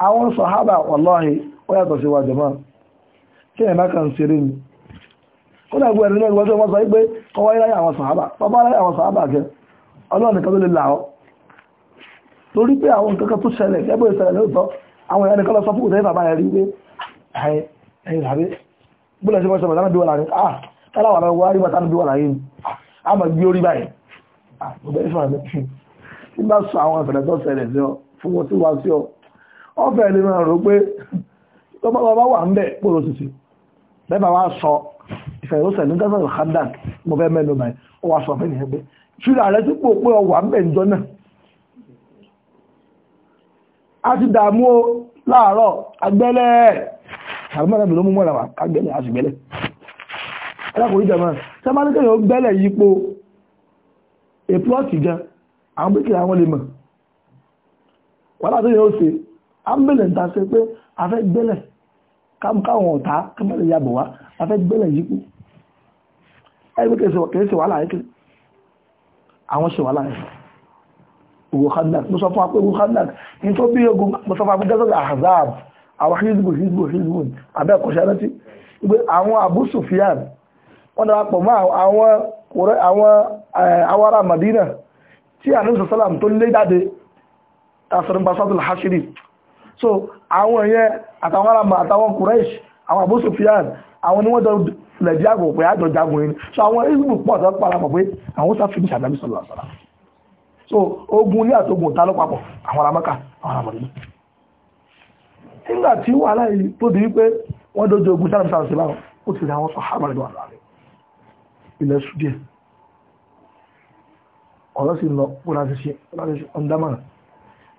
Speaker 1: àwọn sàhábà wallahi ó yàtọ̀ sí wa jàmá kí ẹ̀má kan ṣeré ni ó dàgbé ẹ̀rẹ́ lẹ́nu wọ́n tó wọ́n sọ pé ọwọ́ iláyà àwọn sàhábà bàbá iláyà àwọn sàhábà jẹ́ ọlọ́run nìkan ló lè là ọ́ torí pé àwọn nǹkan kan a máa gbé orí báyìí àgbẹ̀ ìfà rẹ̀ tí bá sọ àwọn ìfẹ̀lẹ̀ tó ṣẹlẹ̀ sí ọ fún wọn tí wá sí ọ ọ fẹ́ lè máa rò pé tó bá wà wà ń bẹ̀ pòrò sísè bẹ́ẹ̀ bá wá sọ ìfẹ̀lẹ̀ tó ṣẹlẹ̀ ní tẹ́sán ìkádà mo fẹ́ mẹ́nu báyìí ó wá sọ fẹ́ nìyẹn pé ṣúra rẹ̀ tí pò pé ọ wà ń bẹ̀ a ti dààmú o alákòóyí jẹ́ máa sábà ní kéèyàn ó gbẹ́lẹ̀ yípo a plot gan àwọn bíkìlì àwọn lè mọ̀ wọ́n láti yóò ṣe ambulance ń ta ṣe pé a fẹ́ gbẹ́lẹ̀ káwọn ọ̀tá kámẹ́lẹ̀ yàbọ̀ wá a fẹ́ gbẹ́lẹ̀ yípo ẹgbẹ́ kìí ṣe wàhálà ẹ̀kẹ́ àwọn ṣe wàhálà ẹ̀kẹ́ ogun khandak mo sọ fún apé ogun khandak Abu Sufyan wọ́n dára pọ̀ mọ́ àwọn àwọn eh, awara Madina tí àníṣẹ́ sálàm tó lé jáde tàṣírípa sọ́tún hashiri so àwọn ẹ̀yẹ àtàwọn ará àtàwọn Quraysh àwọn Abu Sufyan àwọn ni wọ́n jọ lẹ̀dí àgbò pé àjọ jagun yìí so àwọn isbu pọ̀ tó para pọ̀ pé àwọn sáfì ní sàdámì sọ̀rọ̀ so ogun ní àtogun ìta ló papọ̀ àwọn ará Mẹ́kà àwọn ará Mẹ́kà nígbà tí wàhálà yìí tó di wípé wọ́n dojo ogun sálàm sálàm sí báwọn ó ti rí àwọn sọ̀hábà lẹ́dọ̀ àlàáfíà ilẹ̀ sudan ọ̀rọ̀ sì lọ pọ́láṣẹ́ṣẹ́ ọ̀ndámàrà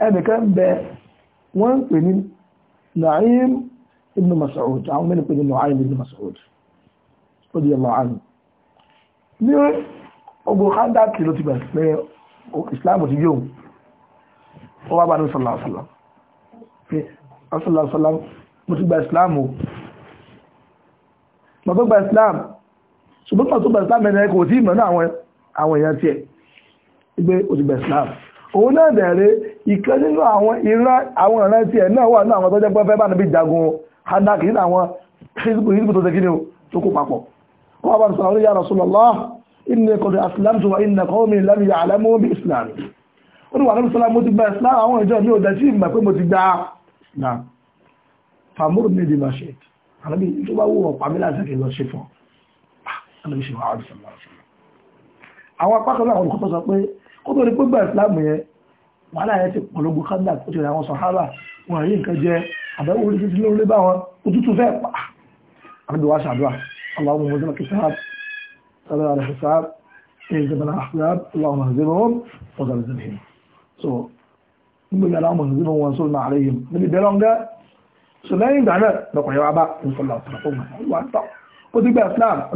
Speaker 1: ẹnìkan bẹ wọ́n ń pè ní Na'im ibn Mas'ud àwọn mẹ́rin pè ní Na'im ibn Mas'ud ó di ọlọ́ àánú ní ogun khandaki ló ti bẹ̀rẹ̀ pé Islam ti yóò ó wá bá ní sallallahu alaihi wasallam mo ti gba Islam o mo tó gba ṣùgbọ́n pàtó bẹ̀rẹ̀ sáà mẹ́rin kò tí ìmọ̀ náà àwọn èèyàn tiẹ̀ gbé òtù bẹ̀rẹ̀ sáà òun náà dẹ̀rẹ̀ ìkan nínú àwọn ìran àwọn ìran tiẹ̀ náà wà náà àwọn tó jẹ́ pé fẹ́ bá níbi jagun handak nínú àwọn hizbu tó ṣe kíni o tó kó papọ̀ kó wà bá ní sọ̀rọ̀ ya Rasulullah inni qad aslamtu wa inna qawmi ní wà àrẹ́bí tó bá wù ọ̀pá mi lọ ṣe fún ọ alẹ́bíṣẹ́ wa àrùsọ̀ lọ́sọ̀ àwọn apákan náà olùkọ́ sọ pé kó tó rí pé gbà ìsìláàmù yẹn wàhálà yẹn ti pọ̀lọ́gbù kádà ó ti rẹ̀ àwọn sàhábà wọn rí nǹkan jẹ àbẹ̀wò orí títí lórí bá wọn òtútù fẹ́ pa àbẹ̀wò aṣàdúrà اللهم so nígbà yàrá ọmọ ìdílé wọn sọ náà àlẹyìn níbi so lẹ́yìn ìgbà náà lọ́kọ̀ yẹwà bá ń sọ lọ́tọ̀ fún wọn Islam ó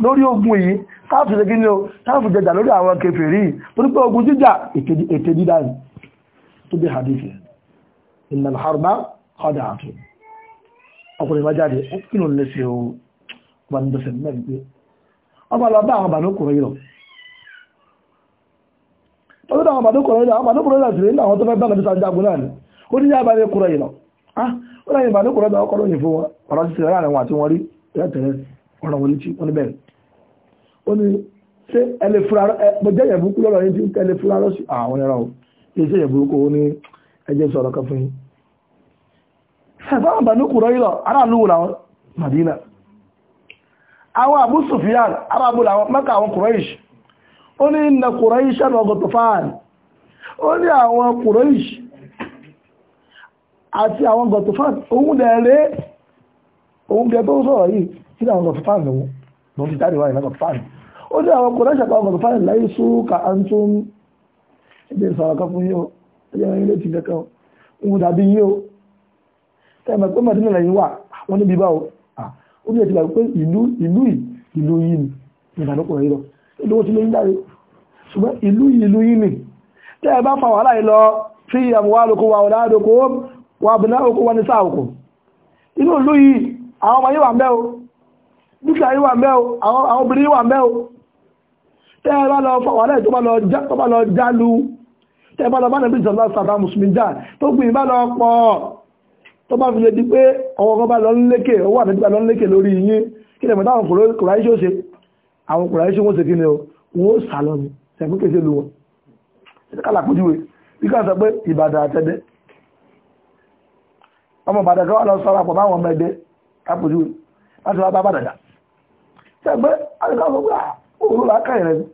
Speaker 1: lórí ogun yìí káàfù ṣe kí ni o káàfù jẹjà lórí àwọn kèfèrí torí pé ogun jíjà ètè dídá ni tó dé hadith yẹn innal harba khada'atu ọkùnrin bá jáde kí ló ń lè ṣe o wà ní dọ̀sẹ̀ mẹ́rin pé ọba lọ bá àwọn àbànúkùnrin yìí lọ ọdún àwọn àbàdókùnrin náà àbàdókùnrin náà sì rí àwọn tó fẹ́ bá nàbí sàjágun náà ni ó ní yába ah, ní kúrò ìlọ ó láyìn àbàdókùnrin náà ọkọ̀ lóyìn fún wọn ọ̀rọ̀ sí láàrin wọn àti wọn rí ẹ̀tẹ̀rẹ̀ ọ̀rọ̀ wọn létí wọn níbẹ̀rẹ̀ ó ní ṣé ẹlẹ́ fúra mo jẹ́ ìyẹ̀bù kú lọ́rọ̀ yín tí ń tẹ́lẹ̀ fúra lọ́sí ah, àwọn ẹ̀rọ iṣẹ́ ìyẹ̀bù kú ó ní ẹjẹ́ sọ̀rọ̀ kan fún yín. ṣàfihàn bàánú kùrọ̀ yìí lọ aráàlú wò làwọn Madina àwọn Abu Sufyan aráàbò làwọn Mẹ́kà àwọn Quraysh ó ní ìnà Quraysh ẹ̀rọ Ghatafan ó ní àwọn Quraysh àti àwọn Ghatafan òun dẹ̀rẹ́ òun gẹ tó sọ̀rọ̀ yìí sí àwọn Ghatafan lòun lòun ti jáde wáyé náà Ghatafan ó ní àwọn kò rẹ́ṣẹ̀ kan kọ̀ọ̀fà ìláyé sú ka á ń tún ẹgbẹ́ ìsọ̀rọ̀ kan fún yóò ẹgbẹ́ ìrìn létí kẹ́kẹ́ òun dàbí yóò tẹ́mọ̀ pé mọ̀dínlẹ̀ lẹ́yìn wà wọ́n níbi báwo ó ni ìdàdókùnrin yìí lọ ìlú ó ti lè fa wàhálà yìí lọ fi àmúwálòkó wa ọ̀dáàdòkó wa bìnà òkú wa ní sáàkó inú ìlú yìí àwọn ọmọ yìí wà ń o dúkìá yìí wà o àwọn obìnrin yìí wà o tẹ́ bá lọ fà wàhálà tó bá lọ jálu tẹ́ bá lọ bá nàbí ìjọba sàtà mùsùlùmí jà tó gbìn bá lọ pọ̀ tó bá fi lè di pé ọwọ́ kan bá lọ lékè ọwọ́ àti bá lọ lékè lórí yín kí lè mọ̀tá àwọn kòráyé ṣó ṣe àwọn kòráyé ṣó wọ́n ṣe kí ni o wọ́n sà lọ ni òun aka ìrẹ́ ni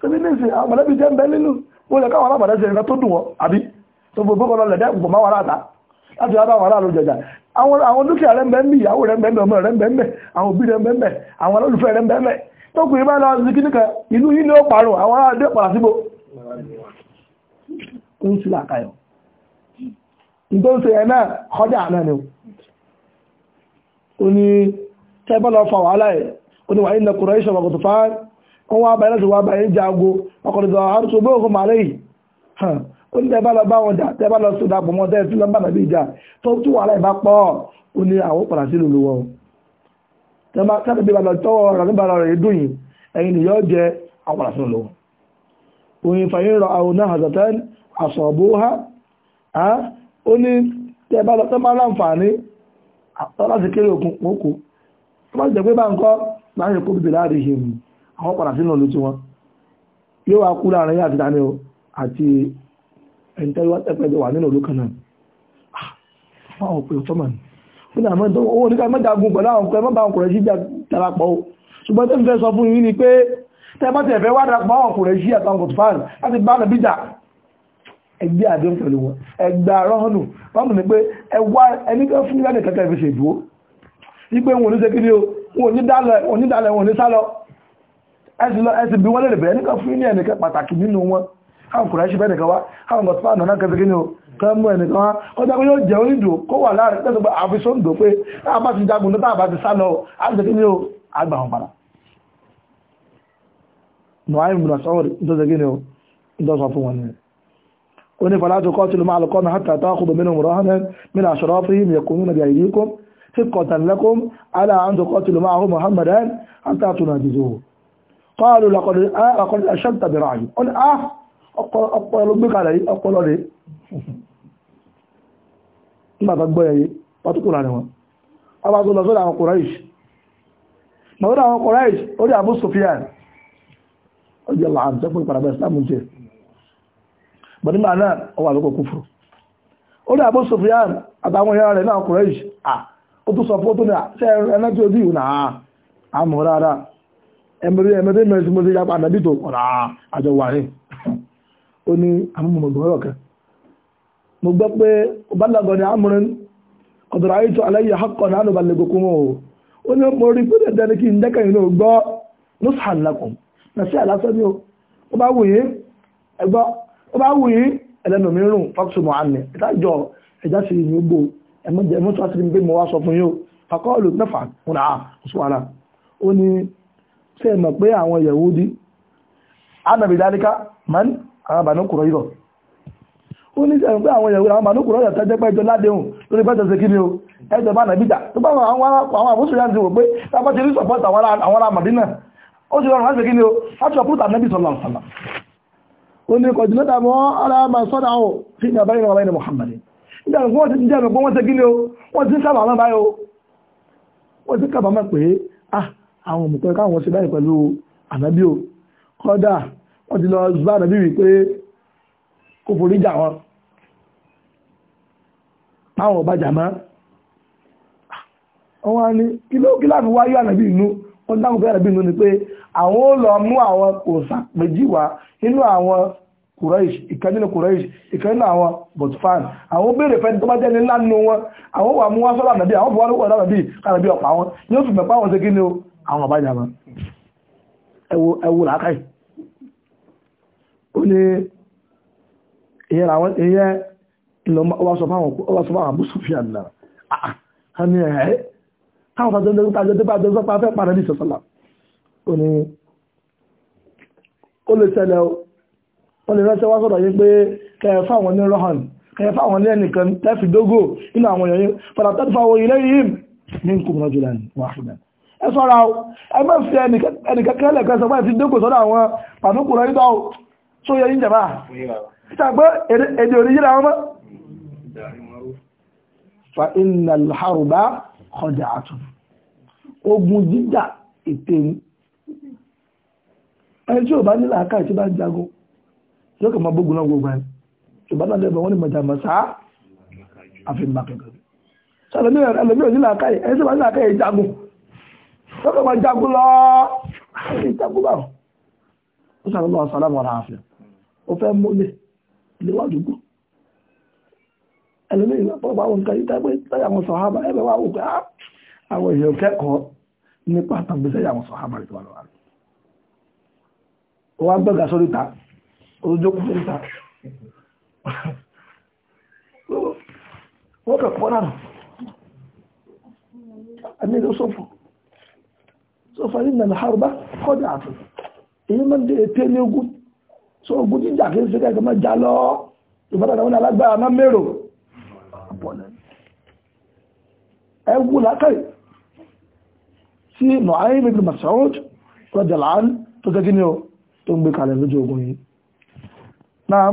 Speaker 1: tóbi ní ìsìn àwọn mọ̀lẹ́bí jẹ́ ń bẹ nínú wọ́n lè káwọn alábàdá ṣe nǹkan tó dùn wọ́n àbí tó gbogbo kan lọ́lẹ̀ dẹ́kùn máa wàrà A láti wá bá wọn aláàlú jẹjà àwọn A rẹ̀ ń bẹ ń bì ìyàwó rẹ̀ ń bẹ ni ó ní wà ní kùrọ̀ ìṣọ̀ ọ̀gọ̀tù fáán kó wá báyìí láti wá báyìí jago ọkọ̀lùdọ̀ àrùsọ bó kò màlẹ́ yìí ó ní tẹ́bá lọ bá wọn jà tẹ́bá lọ sódà pọ̀ mọ́ tẹ́ẹ̀ tí lọ́mbà nàbí ìjà tó tú wàhálà ìbá pọ̀ ó ní àwọn padà sí lòlù wọn tẹ́bá bí balọ̀ tọ́wọ́ rà nígbà rẹ̀ dùn yìí ẹ̀yìn nìyọ́ jẹ àwọn padà sí lòlù wọn òyìn fàyín rọ ní tẹ́bá lọ kéré òkun òkú tó bá jẹ́ pé bá ń kọ́ láàrin kó bìbì láàrin ìhìn àwọn padà sínú ló tí wọn yóò wá kú láàrin yá àti dání o àti ẹ̀ńtẹ́wọ́ tẹ́pẹ́jọ wà nínú olókan náà ah, àwọn òpè ọ̀tọ́mà ní fún àmọ́ ìdánwò owó oníkà mẹ́jagun pẹ̀lú àwọn ọkùnrin mọ́bà ọkùnrin sí jà darapọ̀ o ẹgbẹ́ àdéhùn pẹ̀lú wọn ẹgbà rọ́hánù rọ́hánù ni pé ẹwà ẹnikẹ́ fún yín lánàá kẹ́kẹ́ fi wípé wọn ò ní kí ni o onídàlẹ̀ wọn ní sálọ ẹ̀sì bí wọ́n lè bẹ̀rẹ̀ nìkan fún ní ẹnìkan pàtàkì nínú wọn àwọn kùrẹ́ ṣe fẹ́nìkan wá àwọn gọ̀sùpá náà kẹsìkí máa lọ́kọ́ mi hátà táàkùdù mínú mùrọ̀ hánẹ́ mínú àṣọ́rọ́ fíhìm yẹkùnú nàbí àìríkùn ثقة لكم على أن تقاتلوا معه محمدا حتى تناجزوه قالوا لقد لقد أشدت برعي قل أه أقول بك علي أقول لي ما تقبل يا وتقول عليهم أبعد الله صلى عن قريش ما قلنا عن قريش قل أبو سفيان رضي الله عنه تقول قرابة إسلام من شيء bọ̀dí máa náà ọwà lókò kúfùrù ó ní Abu Sufyan àtàwọn ìyára rẹ̀ náà tó sọ fún tó ní ṣe ẹ̀rọ tí ojú ìhùn náà àmọ́ rárá ẹ̀mẹ̀rí ẹ̀mẹ̀rí mẹ́rin tí mo ti yapa àdàbí tó ọ̀rà àjọ wà rí ó ní àmúmọ̀ gbọ́rọ̀ kẹ mo gbọ́ pé ọbálàgọ́ ni àmúrin ọ̀dọ̀rọ̀ ayé tó aláyé akọ̀ náà ló balẹ̀ gbogbo wọn o ó ní mo rí pé dandan ni kí n dẹ́kẹ̀ yìí ló gbọ́ ló sàn lakùn nà sí àlásẹ́ ni o ó bá wù yín ẹgbọ́ ó bá wù yín ẹlẹ́nu mi rùn fọ́ọ̀sù mọ́ àmì ẹ̀mọ́jẹ́ mọ́tò àti ní pé mo wá sọ fún yóò fakọ́ọ̀lù mẹ́fà fún àá oṣù wàrà ó ní ṣe mọ̀ pé àwọn Yahudi anabi dalika man àwọn bànú kúrọ̀ yìí rọ̀ ó ní ṣe mọ̀ pé àwọn Yahudi àwọn bànú kúrọ̀ yìí tẹ́jẹ́ pẹ́jọ ládéhùn lórí pẹ́jọ ṣe kí ni o ẹjọ́ bá nàbíjà tó bá àwọn àbúṣe yá ti wò pé tábà ti rí sọ̀pọ̀tà àwọn ará ó sì rọrùn láti kí ni o láti sọ̀pọ̀tà nàbí sọ̀lọ̀ sọ̀lọ̀ ó ní kọ̀jù mọ́ ara máa sọ́dà ó fi ní wọ́n ti gílé o wọ́n ti sábà máa báyìí o wọ́n ah àwọn báyìí pẹ̀lú o wọ́n ti lọ bá ànábí rí pé kò jà wọn táwọn ọba jà mọ́ wáyé ànábí inú wọ́n ànábí inú ni pé àwọn ó lọ mú Quraish ìkan nínú Quraish ìkan nínú àwọn botfan àwọn béèrè fẹ́ni tó bá jẹ́ nílá nínú wọn àwọn wà mú wá sọ́dọ̀ àdàbí àwọn buwari wọ̀ dàbí kàràbí ọ̀pá wọn ni ó fi mẹ́pá wọn ṣe kí ni o àwọn ọ̀bá jàmá ẹwu ẹwu làákàyè ó ní ìyẹn àwọn ìyẹn ìlọ wá sọ fáwọn ọwá sọ fáwọn Abu Sufyan náà a ní ẹ̀ káwọn fàjọ ní ọjọ́ tó bá jọ sọpá fẹ́ pàdé ní sọsọlá ó ní ó lè ṣẹlẹ̀ o wọ́n lè ránṣẹ́ wá sọ̀rọ̀ yí pé kẹfà wọn ní rọ́hàn kẹfà wọn lẹ́nìkan lẹ́fì dógó inú àwọn èèyàn yìí fàtàtà fàwọ̀ ilé yìí ní kò mọ́jú lẹ́nu wàhùnà ẹ sọ́ra o ẹ má fi ẹnìkẹ́kẹ́ lẹ́kẹ́ sọ fún dógó sọ́dọ̀ àwọn pàtókù rẹ̀ nígbà tó yẹ yíjẹ̀bá ìtàgbé èdè òní yíra wọn mọ́ fa iná lárùbá kọjá àtún ogun jíjà ètè ẹni tí ò bá nílà akáì tí bá jagun yóò kàn máa gbógun náà gbogbo ẹ̀ ṣùgbọ́n náà lẹ́bọ̀ wọ́n ní mọ̀jà mọ̀ sáà àfi máa kẹ́kẹ́ ṣàlẹ́mí òní làákàyè ẹni tí wọ́n ní làákàyè jagun yóò kàn máa jagun lọ àti jagun báwọn ó sàrẹ́ lọ́wọ́ sàlámù ọ̀rọ̀ àfẹ́ ó fẹ́ mọ́lẹ̀ ilé wájú gbọ́ ẹlòmíì lọ́pọ̀lọpọ̀ àwọn nǹkan yìí táyà pé táyà àwọn sọ̀hábà ah, nípa àtàgbèsẹ̀ àwọn sọ̀hábà tó wà lọ́wọ́ wa gbọ́gà sórí ta olójókòó tó ń ta wọ́n kẹ̀ pọ́ náà ẹni ló sọ́fọ́ sọ́fọ́ ní nàlẹ́ harba kọjá àti èyí máa ń dé ní ogun so ogun jíjà kí n ṣe kẹ́kẹ́ máa já lọ ìfọ́tàdà wọn alágbára máa mérò ẹwù látàrí sí nọ̀áyé ibn Mas'ud radiyallahu anhu tó tẹ́kí ní o tó ń gbé kalẹ̀ lójú ogun yìí náà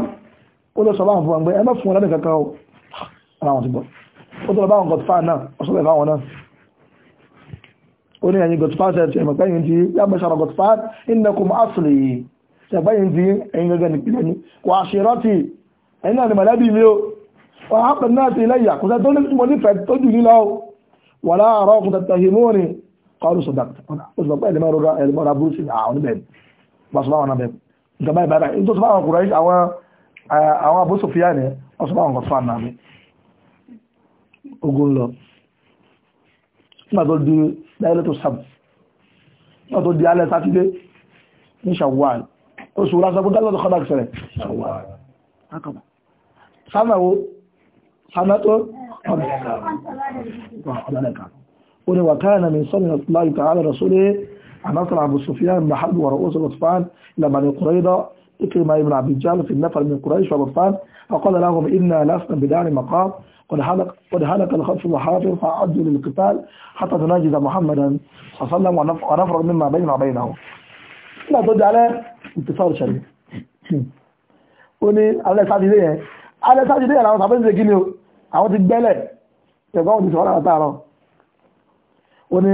Speaker 1: ó lọ sọ báwọn fún wa pé ẹ má fún wọn lẹ́nu kankan o ara wọn ti bọ̀ ó tọ́lọ báwọn godfather náà ọ̀sọ́lẹ̀ báwọn náà ó ní ẹ̀yin godfather ti ẹ̀mọ̀ pẹ́yìn ti yá mẹ́sàrọ̀ godfather innakum asli ṣẹ̀gbẹ́yìn ti ẹ̀yin gẹ́gẹ́ nípìnlẹ̀ ni wà á ṣe rọ́tì ẹ̀yin náà ni mọ̀lẹ́bí mi o wà á ìjọba ìbára ní tó sọ fáwọn ọkùnrin àwọn àwọn abósòfíà ní wọ́n sọ fáwọn ọkùnrin náà ní ogun lọ nígbà tó di dáilé tó sábà nígbà tó di alẹ́ sátidé ní ṣàwọ́n oṣù lásàbó dáilé tó kọ́dà sẹ̀rẹ̀ ṣàwọ́n sánàwó sánàtó ọ̀dọ̀lẹ́ka ó ní wà káà nà mí sọ́nà láì tààlà rẹ̀ sólé عن أسرع أبو سفيان بن حرب ورؤوس الأطفال إلى بني قريضة إكرم بن عبد الجال في النفر من قريش وأطفال فقال لهم إنا لسنا بدار مقام قد حلق قد حلق الخلف الحافر فأعدوا للقتال حتى ننجز محمدا صلى الله عليه وسلم ونفرغ مما بيننا وبينه لا ترد على انتصار شريف قولي على سعد ليه على سعد ليه انا صابين زي كيني àwọn ti gbẹ́lẹ̀ ẹ̀gbọ́n ti sọ̀rọ̀ àtàrọ̀ ó ní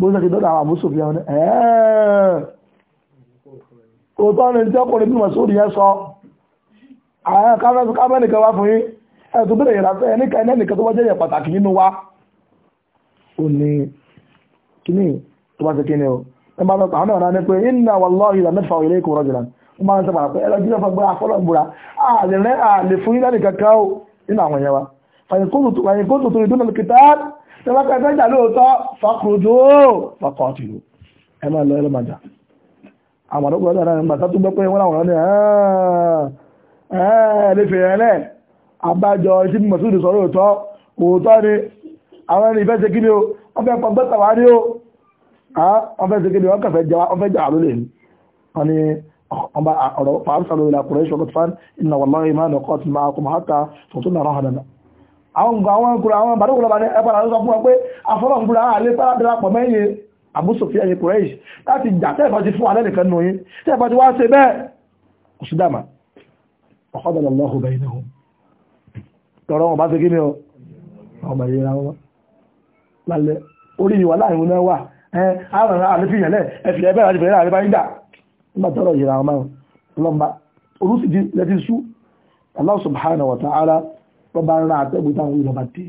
Speaker 1: bóṣe ti dọ́dọ̀ àwọn àbúṣòfin ọ̀nà ẹ̀ẹ́ òótọ́ ni tí ọkùnrin bímọ sóòrì yẹn sọ àwọn kámẹ́sì kámẹ́nìkan wá fún yín ẹ̀tún bẹ̀rẹ̀ yẹ̀rà fẹ́ ẹnìkan ẹnìkan tó bá jẹ́ yẹ̀ pàtàkì nínú wa ó ní kíní tó bá ti kíní o ẹ máa fẹ́ pàánù ọ̀nà ni pé iná wà lọ́ ìlà mẹ́fà òyìnbó ikú rọ́jù lánà ó máa ń sọ pàápẹ́ ẹlọ jíjọ fún gbọ́ra fọ́lọ́ ìbúra àlè fún yín lẹ́nìkan ká ó nínú àwọn yẹn wa fàyìnkóòtù tó ìdúnnà kìtàbí tẹ́wọ́pẹ́ fẹ́jà lóòótọ́ fọkùrùjò fọkọ̀ọ̀tìlú ẹ máa lọ ẹlọ́màjà àwọn àdókòó ọ̀dọ̀ náà gbàtà tó gbọ́ pé wọ́n láwọn ọ̀rọ̀ ẹ̀ẹ́lẹ́fẹ̀ẹ́ rẹ̀ àbájọ iṣẹ́ mímọ̀ sódì sọ lóòótọ́ òótọ́ ni àwọn ẹni ìfẹ́ ṣe kí ni o wọ́n fẹ́ pọ̀ gbẹ́sà wá ní o wọ́n fẹ́ ṣe kí ni wọ́n kẹfẹ́ jà wọ́n fẹ́ jà ló lè ní wọ́n ni ọba ọ̀rọ̀ fàáfà lórí ìlà kùrẹ́ṣọ́ àwọn gbogbo àwọn ẹkùnrà àwọn bàdókùnlọ́bà ní ẹgbàrà ló sọ fún ọ pé afọ́lọ́gbùnrà àlẹ́ pàdàpọ̀ mẹ́yìn àbúsòfíà yìí kùrẹ́ìsì láti jà tẹ́ẹ̀fà ti fún alẹ́ nìkan nù yín tẹ́ẹ̀fà ti wá ṣe bẹ́ẹ̀ kò sí dàmà ọ̀kọ́dọ̀lọ́hùn bẹ̀yìn náà tọrọ wọn bá ṣe kí ni ọ ọmọ ìyẹra wọn lálẹ́ orí ìwà Allah subhanahu wa ta'ala lọ́ba ra àtẹ́gùn táwọn wí lọ́ba dé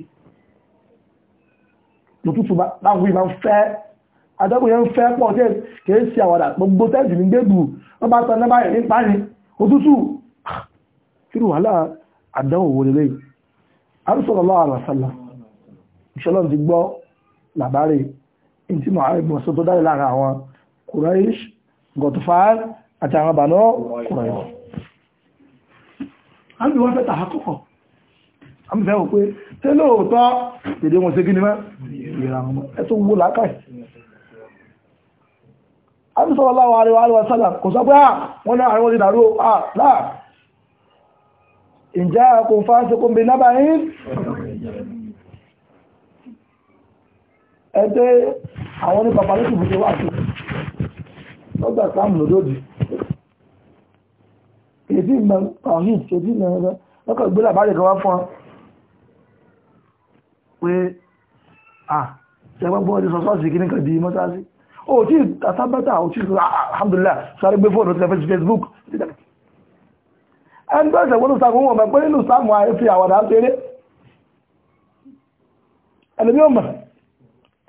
Speaker 1: lòtútù táwọn wí máa ń fẹ́ àtẹ́gùn yẹn ń fẹ́ pọ̀ tẹ́ kìí ṣe àwàdà gbogbo tẹ́sì ní gbébù lọ́ba tán náà báyìí ní parí òtútù kírù wàhálà àdánwò wo lélẹ́yìn arúsọ̀lọ́lọ́ àrọ̀sálà ìṣọ́lọ́ ti gbọ́ làbárè tí mọ̀ ààrẹ ìgbọ̀nsọ́ tó dáre lára àwọn Quraysh Gotfar àti àwọn a ń bí wọ́n fẹ́ tàà àmìfẹ́ wò pé tí lóòótọ́ dèdè wọn sí kí ni mẹ́ ìrà wọn ẹ tó wó lákàì àmìsọ́wọ́ láwọ́ àríwá àríwá sálà kò sọ pé à ah, wọ́n ní àríwá ti dàrú à ah, láà ìjẹ́ kò fásí kò bí náà báyìí ẹgbẹ́ àwọn ní pàpàlẹ́ tó fúnṣe wà sí lọ́gbà sáàmù lòdòdì èdè ìmọ̀ àwọn hìt èdè ìmọ̀ ẹgbẹ́ lọ́kọ̀ ìgbélà bá lè gọwá fún ọ pé à ṣẹgbọ́n bọ́ ọdún sọ́sọ́sì kí ní kan di mọ́sáàsì ó tí àtàbátà ó tí ah, ah, alhamdulillah sáré gbé fóònù tí lẹ́fẹ́ Facebook ẹgbẹ́ ìṣẹ̀gbọ́n tó sàkún wọn mọ̀ pé nínú sáàmù àìfi àwàdà ṣeré ẹlẹ́bí ọmọ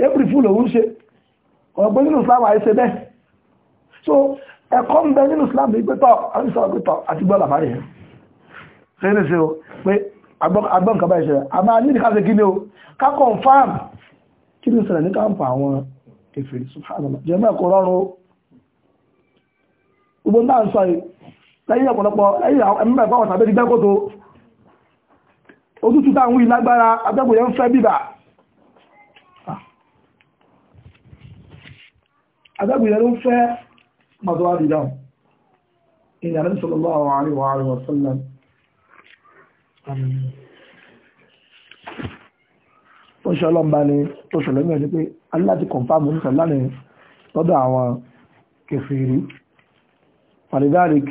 Speaker 1: april fool òun ṣe ọ̀pẹ́ nínú sáàmù àìṣe bẹ́ẹ̀ so ẹ̀kọ́ ń bẹ nínú sáàmù ìgbẹ́tọ̀ àti sọ̀rọ̀ pẹ́tọ̀ àti gbọ́ làbárẹ̀ yẹn agbọ́n kaba ìṣẹ̀lẹ̀ a máa ní ìdíkàṣẹ́ kí ní o ká confam kí ní ìṣẹ̀lẹ̀ ní káàmpù àwọn kèfèrí subhanallah jẹ́ mẹ́kọ̀ rọrùn gbogbo náà sọ lẹ́yìn ọ̀pọ̀lọpọ̀ ẹ̀mẹ́fẹ́ àwọn tàbí gbẹ́kòtò òtútù táwọn wí lágbára abẹ́kòyẹ ń fẹ́ bíbà abẹ́kòyẹ ah. ló ń fẹ́ mọ̀tọ́wà dìdáhùn ìyàrá sallallahu alaihi wa sallam ó ṣe ọlọ́mba ni tó ṣẹlẹ̀ mẹ́rin pé aláti kọ̀ǹfàmù nípa lánàá lọ́dọ̀ àwọn kẹfìrí fàdídárik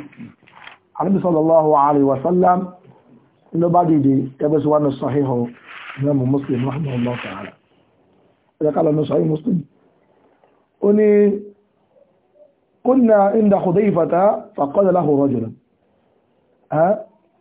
Speaker 1: Ànábì sallallahu alaihi wa sallam ló bá dìde ẹgbẹ́ sí wánà sọ́híhọ ìlàmù muslim rahimahullah ta'ala ẹ̀rẹ́ kálọ̀ ní sọ́hí muslim ó ní kunna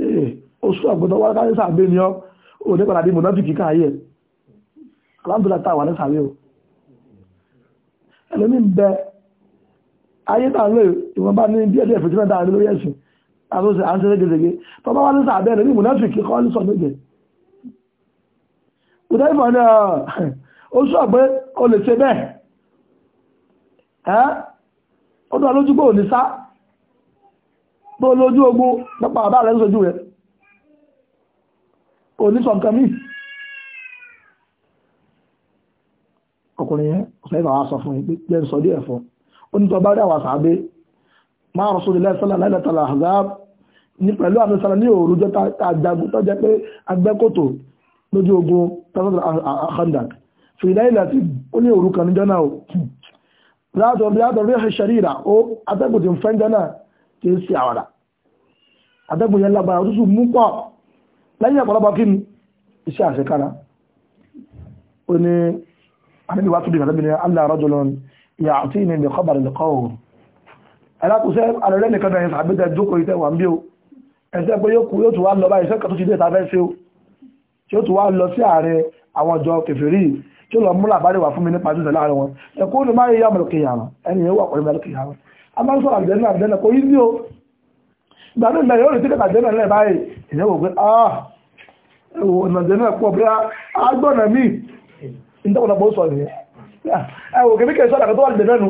Speaker 1: Eh, oṣù àgbọ̀dọ̀ wá káyé sàbẹ̀ ni ọ́ ò ní padà bí mọ̀nàfíkì káyé alámbìlá táwà ní sàbẹ̀ o ẹlẹ́mí ń bẹ ayé tà ń lè ìwọ̀n bá ní bí ẹ̀dẹ̀ ìfẹ̀tí náà dáa lórí ẹ̀sìn àtúnṣe à ń ṣeré gẹ́gẹ́ tó bá wá ní sàbẹ̀ ẹ̀lẹ́mí mọ̀nàfíkì kọ́ ní sọ méje òtẹ́fọ̀ ní ah, oṣù àgbẹ̀ o lè ṣe bẹ́ẹ̀ ó dún alójúgbò ní sá bó lójú ogun pápá bàbá rẹ̀ lójú rẹ̀ kò ní sọ̀kan mí ọkùnrin yẹn ọ̀sẹ̀fà wá sọ fún yín pé ń sọ díẹ̀ fún o ní tọba rí àwọn sàábé máa rọ̀ sórí lẹ́sọ́lá lẹ́lẹ́tàlá àzáàb ní pẹ̀lú àmì sára ní òru jẹ́ tàjàgùn tó jẹ́ pé agbẹ́kòtò lójú ogun tàbí àkàndà fìdá ilẹ̀ tí ó ní òru kan ní jọ́nà ó látọ̀ rí ṣẹ̀rí ìrà ó atẹ́kùn ti ń fẹ́ jọ́nà kì í ṣe àwàdà àtẹ́gùn yẹn lágbára òtútù mú pọ̀ lẹ́yìn ọ̀pọ̀lọpọ̀ kí ni iṣẹ́ àṣekára ó ní àníbi allah rajulun ìyá àti ìní ìbí kọ́bà rẹ̀ lọ́kọ́ òru alákùsẹ́ àrẹ̀rẹ́ nìkan bẹ̀rẹ̀ sàbẹ́tẹ̀ jókòó ìtẹ́ wà ń bí o ẹ̀sẹ̀ pé yóò tún wá lọ báyìí sẹ́kà tó ti dé ìta fẹ́ ṣe o tí ó tún wá lọ sí ààrẹ àwọn ọjọ́ kẹfìrí tí ó lọ múlà bá rẹ̀ wà a máa ń sọ̀rọ̀ àjẹ́nà àjẹ́nà kò yí sí o ìgbà tó ìgbà yóò rí tíkẹ́tà àjẹ́nà lẹ́ báyìí ìyẹn wò pé ah ẹ̀wò ọ̀nà àjẹ́nà pọ̀ bí a gbọ́nà míì ìdọ́kùnlọpọ̀ ó sọ nìyẹn ẹ̀wò kìíní sọ́dà tó wà lè mẹ́nu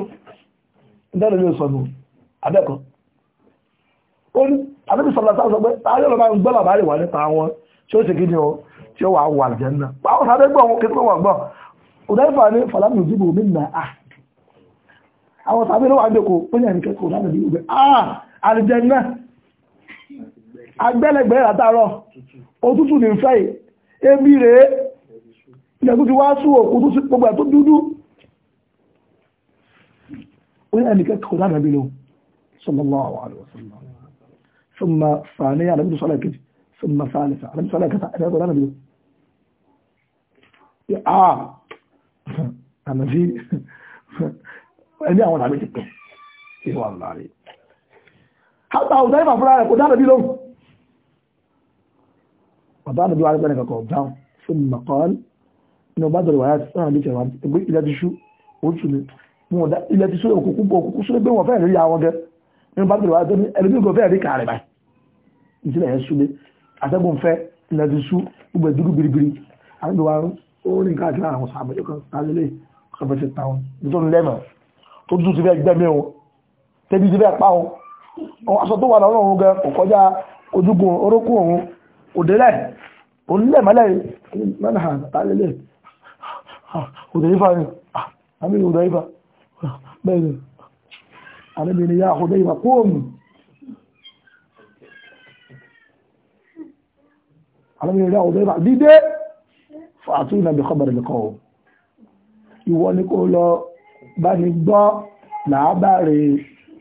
Speaker 1: ìdọ́kùnlọpọ̀ ó sọ nù abẹ́kọ̀ ó ní àbẹ́bí sọ̀rọ̀ sáà sọ pé táyọ̀ lọ́ba ń gbọ́ làbáyé wà nípa wọn tí ó ṣe kí ni o tí ó wà wà àjẹ́nà àwọn sábẹ́ gbọ́ wọn kí àwọn tàbí ló wà ń dẹ́kọ̀ ó ní ẹ̀rìnkẹ́ kò láti rí ìgbẹ́ ah àlùjànnà agbẹ́lẹ̀gbẹ́ látàárọ̀ òtútù ní fẹ́ ebi rèé ilẹ̀ tó ti wá sú òkú tó sí gbogbo ẹ̀ tó dúdú ó ní ẹ̀rìnkẹ́ kò láti rí lọ sallallahu alaihi wasallam ثم ثانية على مثل صلاة كده ثم ثالثة على مثل صلاة كده أنا أقول أنا بيقول آه أنا في ẹni àwọn àmì ti pẹ̀ sí wà láàrin hátà ọ̀sán ìmọ̀ fúnra rẹ̀ kò dáàbẹ̀ bí lóhùn bàbá àdàbí wà lẹ́gbẹ̀rẹ̀ kankan dáhùn fún mọ̀kàn ní ọba àdàbí wàyà sáà ní tẹ̀wà gbé ilẹ̀ ti ṣú oṣù ni wọn dá ilẹ̀ ti ṣú òkùnkùn bọ̀ òkùnkùn ṣú pé wọn fẹ́ rí àwọn gẹ ní ọba àdàbí wàyà tó ní ẹlẹ́bí kò fẹ́ rí kààrẹ̀ báyìí ìtìlẹ̀ yẹn ṣú lé àtẹ́gùn fẹ́ ilẹ̀ ti ṣú tó dùn sí fẹ́ gbẹ́mí o tẹ́bí sí fẹ́ pa o aṣọ tó wà lọ́rùn òun gan kò kọjá ojúgun orókún òun òdélẹ̀ onílẹ̀ mẹ́lẹ̀ mẹ́nà àtàlẹ́lẹ̀ ah, òdèrífà ni àmì òdèrífà bẹ́ẹ̀ àníbi ni ya òdèrífà kóòmù àníbi ni ya òdèrífà dídé fàtúnà bí kọ́bẹ̀rẹ̀ lẹ́kọ̀ọ́ ìwọ ni kó lọ bá ní gbọ́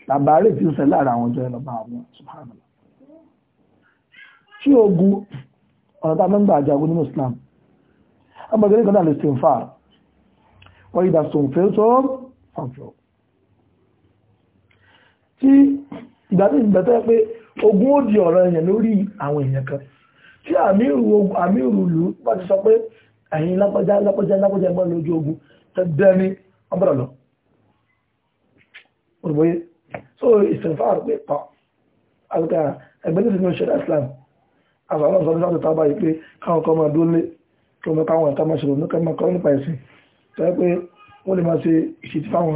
Speaker 1: làbárè tí ó ṣẹlẹ̀ lára àwọn ọjọ́ ẹlọ́bà àwọn subhanallah tí ogun ọ̀nà tá mẹ́gbà àjàgún nínú Islam ọmọdé ní kọ́dà lè sin fà wọ́n ìdá sọ̀nfẹ́ tó fàfẹ́ tí ìgbà tí ìgbà tó yẹ pé ogun ó di ọ̀rọ̀ èèyàn lórí àwọn èèyàn kan tí àmírù lù bá ti sọ pé ẹ̀yin lápọjá lápọjá lápọjá ẹgbọ́n lójú ogun tẹ́gbẹ́ni ọgbọ́dọ̀ lọ olùbóyé so ìsìnfààrù pé tọ́ àgbà ẹgbẹ́ ní sinmi ṣẹlẹ̀ islam àfàwọn ọ̀sán láti tábà yìí pé káwọn kan máa dúnlé tó mọ́ káwọn ẹ̀ka máa ṣòro ní kẹ́mọ́ kọ́ nípa ẹ̀sìn tó yẹ pé wọ́n lè máa ṣe ìṣètì fáwọn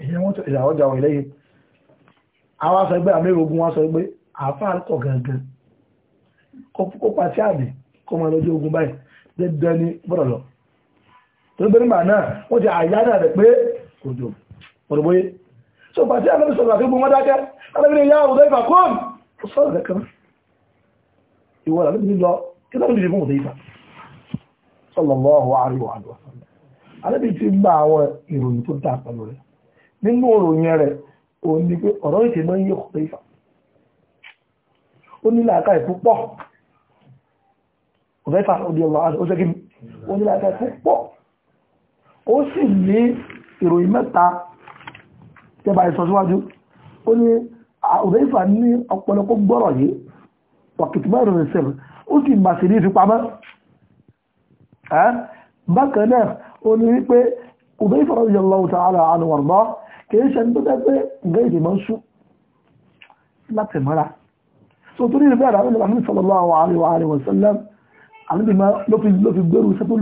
Speaker 1: èèyàn wọn ìyàwó jà wọ̀nyí lẹ́yìn àwọn aṣọ ẹgbẹ́ àmì ogun wọn sọ pé àáfàá kọ̀ gangan kó pàṣẹ àmì kó máa lọ́jọ́ ogun báyìí dẹ́dẹ́ ní bọ́dọ̀ lọ tó gbé nígbà náà wọ́n ti so pàtí àmì sọ̀rọ̀ àti gbogbo mọ́dákẹ́ alábìnrin yá òdó ìfà kóòn ó sọ̀rọ̀ lẹ́kàn ìwọ̀ alábìnrin lọ kí lọ́rùn ìdìbò òdó ìfà sallallahu alaihi wa sallam alábìnrin ti gba àwọn ìròyìn tó dá pẹ̀lú rẹ̀ nínú ìròyìn rẹ̀ ó ní pé ọ̀rọ̀ ìtẹ̀ máa ń yé òdó ìfà ó ní tẹ́bà ìsọsíwájú ó ní ọ̀rẹ́ ìfà ní ọ̀pọ̀lọpọ̀ gbọ́rọ̀ yìí wàkìtìmọ́ ìròyìn sẹ́lẹ̀ ó sì mà sí ní ìfipamọ́ bákan náà ó ní wípé ọ̀rẹ́ ìfà rẹ̀ yọ̀lọ́ ta ara àánú ọ̀rọ̀ kìí ṣe tó dẹ́gbẹ́ ǹgẹ́ ìdè mọ́ sú láti mọ́ra so torí ìrìnbẹ́ àdáwọn ìlú àmì sọ̀rọ̀ àwọn àríwá àríwá sẹ́lẹ̀ àlúbìmọ́ ló fi gbèrú iṣẹ́ tó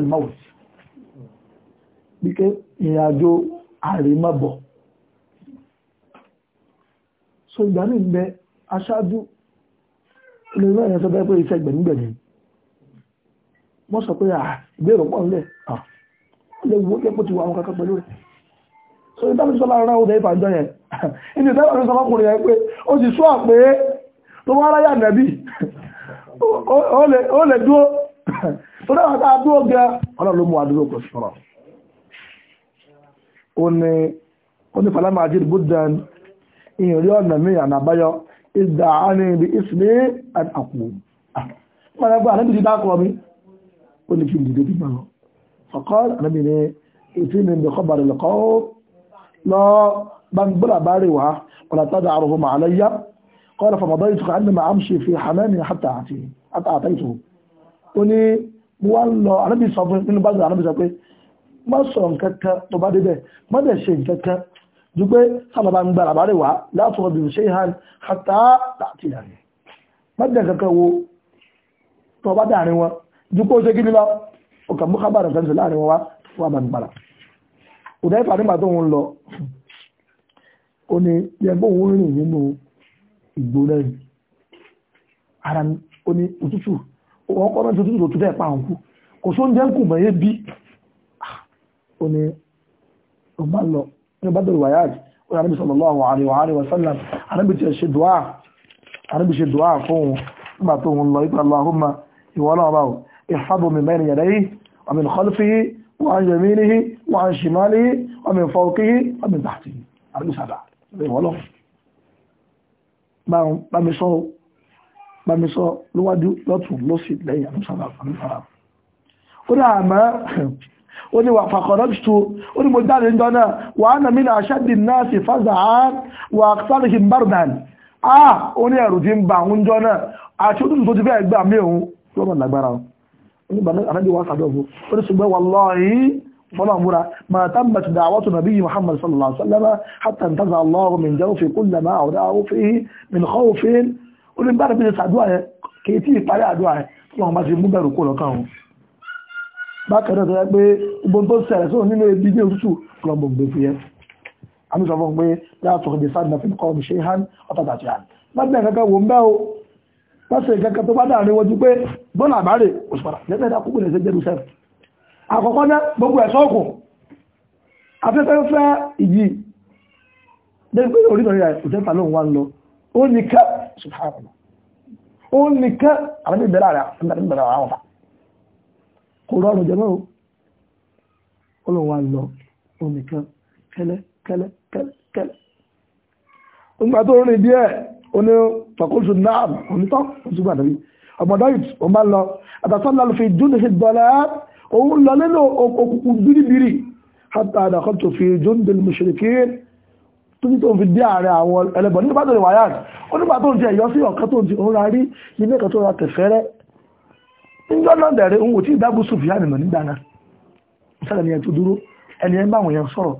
Speaker 1: le pípé ìrìnàjò àrímọ́bọ̀ so ìgbà ní ìgbẹ́ aṣáájú ilé náà yẹn sọ bẹ́ẹ̀ pé iṣẹ́ gbẹ̀mígbẹ̀mí wọ́n sọ pé ìbéèrè pọ̀ nílẹ̀ lè wo kẹ́kọ̀ọ́ ti wà àwọn kankan pẹ̀lú rẹ̀ so ìdámi sọ́lá rárá ó dẹ́yìn fàájọ́ yẹn inú ìdámi sọ́lá ọkùnrin yẹn pé ó sì sọ́ àpé tó wọ́n ráyà nẹ̀bí ó lè dúó tó dáwà tá a dúó gẹ ọlọ́run ló mú wa dúró kò sọ̀rọ̀ ó ní ó ní falama ajid budan ìrìn ọ̀nà mi àná àbáyọ ìdá àánì ibi ìsìlé àpò wọn ẹgbẹ́ ànábì ti dákọ̀ mi ó ní kí n dìde bímọ lọ ọkọ ànábì ní ètí mi ń bẹ kọ́ bàrẹ̀ lọ́kọ́ lọ أمشي في حمام حتى أتيه حتى أتيته ó ní mo wá ń lọ ànábì má sọ nǹkan kan tó bá débẹ̀ má dẹ̀ ṣe nǹkan kan ju pé sábàbà ń gba àbárẹ̀ wá látọ̀ ọdún ṣe hàn hàtà láti ìlànà má dẹ̀ kankan wo tó bá dáàrin wọn ju pé ó ṣe kíni lọ ọkà mú kábàrà kan sọ láàrin wọn wá wà bá ń gbàrà òdà ìfà nígbà tó ń lọ ó ní yẹgbó òun rìn nínú ìgbó lẹ́yìn ara ó ní òtútù òun náà ti òtútù tó tún pa òun kú kò sóúnjẹ ń kù mọ́ yé bí ó ní ọba lọ ní ọba bẹ̀rù wáyáàjì ó ní anábì sallallahu alaihi wa sallam anábì ti ṣe dùá anábì ṣe dùá fún òun nígbà tó òun lọ ìpàlọ́ ahúnmá ìwọ ọlọ́run báwo ìfábù mi mẹ́rin yàrá yìí ọmọ ìkọlùfì yìí wọ́n ń yẹmí ní wọ́n ń ṣìmálì yìí ọmọ ìfọ̀ọ́kì yìí lọ́tún lọ́sì lẹ́yìn àmì ó dà àmọ́ ó ní wà fàkọ̀rọ̀pùtù ó ní mo jáde ń dọ́nà wà á nà mí nà aṣáàdì náà sì fásà á wà sáàrìkì bárùdàn á ó ní ẹ̀rù ti ń bà ń dọ́nà àti òtútù tó ti fẹ́ gbà mí òun tó mọ̀ lágbára ó ní bàbá àdájọ́ wà sàdọ̀fù ó ní ṣùgbọ́n ما تمت دعوة نبي محمد صلى الله عليه وسلم حتى انتزع الله من جوفه كل ما أودعه فيه من خوف ولمبارح بنسى دعاء كيتي طريقة دعاء ما تجيب مبارك كله كانوا bákan náà tó yẹ pé gbogbo tó ṣẹlẹ̀ sóhun nínú ebi ní òtútù klọ́bù gbé fi yẹ àmì sọ fún pé láàtọ̀ ìdí sáàdì náà fi kọ́ ọmọ ṣe hàn ọ̀tàtà ti hàn lábẹ́ kankan wò ń bẹ́ o lọ́sẹ̀ kankan tó bá dáàrin wọn ju pé bọ́ọ̀lù àbárè òṣùpàdà lẹ́gbẹ́ ìdá kúkú lẹ́sẹ̀ jẹ́rù sẹ́rù àkọ́kọ́ náà gbogbo ẹ̀ sọ́ọ̀kùn afẹ́fẹ́ fẹ́ ìyí lẹ́gbẹ́ orí náà òtẹ́fà lóhun wá ń lọ ó nìkan ṣùgbọ́n ó nìkan àwọn ìbẹ̀rẹ̀ àwọn ọ̀tà kò rọrùn jẹ́ mọ́ olùwà lọ onìkan kẹ́lẹ́ kẹ́lẹ́ kẹ́lẹ́ kẹ́lẹ́ nígbà tó rìn díẹ̀ oní tọkóṣù náà onítọ́ oṣùgbà nàbí ọmọdé yìí ó máa lọ àtàsọ́lá lọ fi dúdú sí dọ́là òun lọ nínú òkùnkùn bíríbírí hátà àdàkọ́ tó fi jóńdé mùsùlùmí tó ní tó ń fi dé ààrẹ àwọn ẹlẹ́bọ̀n nígbà tó rìn wáyà ó nígbà tó ń ti ẹ̀yọ́ sí ọ̀kan níjọ́ náà dẹ̀rẹ̀ òun ò tí ìdábù sùfìyàn nìmọ̀ nígbà náà sẹ́lẹ̀ ni ẹ̀ tó dúró ẹni ẹ̀ ń bá àwọn èèyàn sọ̀rọ̀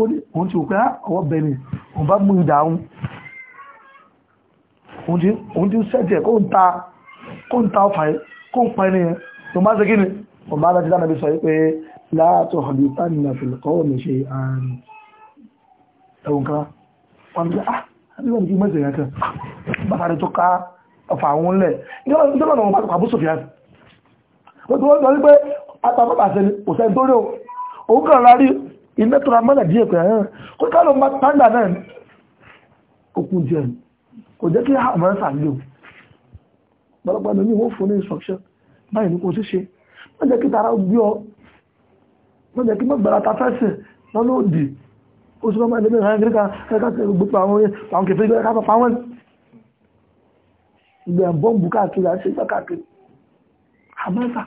Speaker 1: ó ní òun ti òpé ah, ọwọ́ bẹni òun bá mú ìdá òun òun ti ń sẹ́jẹ̀ kó ń ta kó ń ta ọfà yìí kó ń pa ẹni yẹn tó máa ṣe kí ni òun bá dájú dáná bí sọ pé láàtọ̀ ọ̀dì tani na fi kọ́ mi ṣe àrùn ẹ̀wọ̀n kan wọn bí ah àbí wọn kí mọ́sẹ̀ yẹn kan bàtà rẹ̀ tó ká ọfà àwọn lẹ̀ ní ọ̀nà ó ti wọ́n sọ wípé atamọ́bà sẹ́ni kò sẹ́ni tó rí o òun kàn rárí iná tó ra mọ́lẹ̀ díẹ̀ pẹ̀lú ẹ̀rọ kó ká ló ma tánda náà ó kú jẹ́ kò jẹ́ kí àmọ́ ń sàlẹ̀ o gbọ́dọ̀gbọ́dọ̀ lómi wọ́n fún ní instruction báyìí ní kò sí ṣe má jẹ́ kí tara gbé ọ má jẹ́ kí má gbára ta fẹ́sẹ̀ lọ́nà òdì ó sì máa ń lébẹ̀ ìhàn gíríkà ẹ̀ka gbogbo àwọn kẹfẹ́ Huzaifa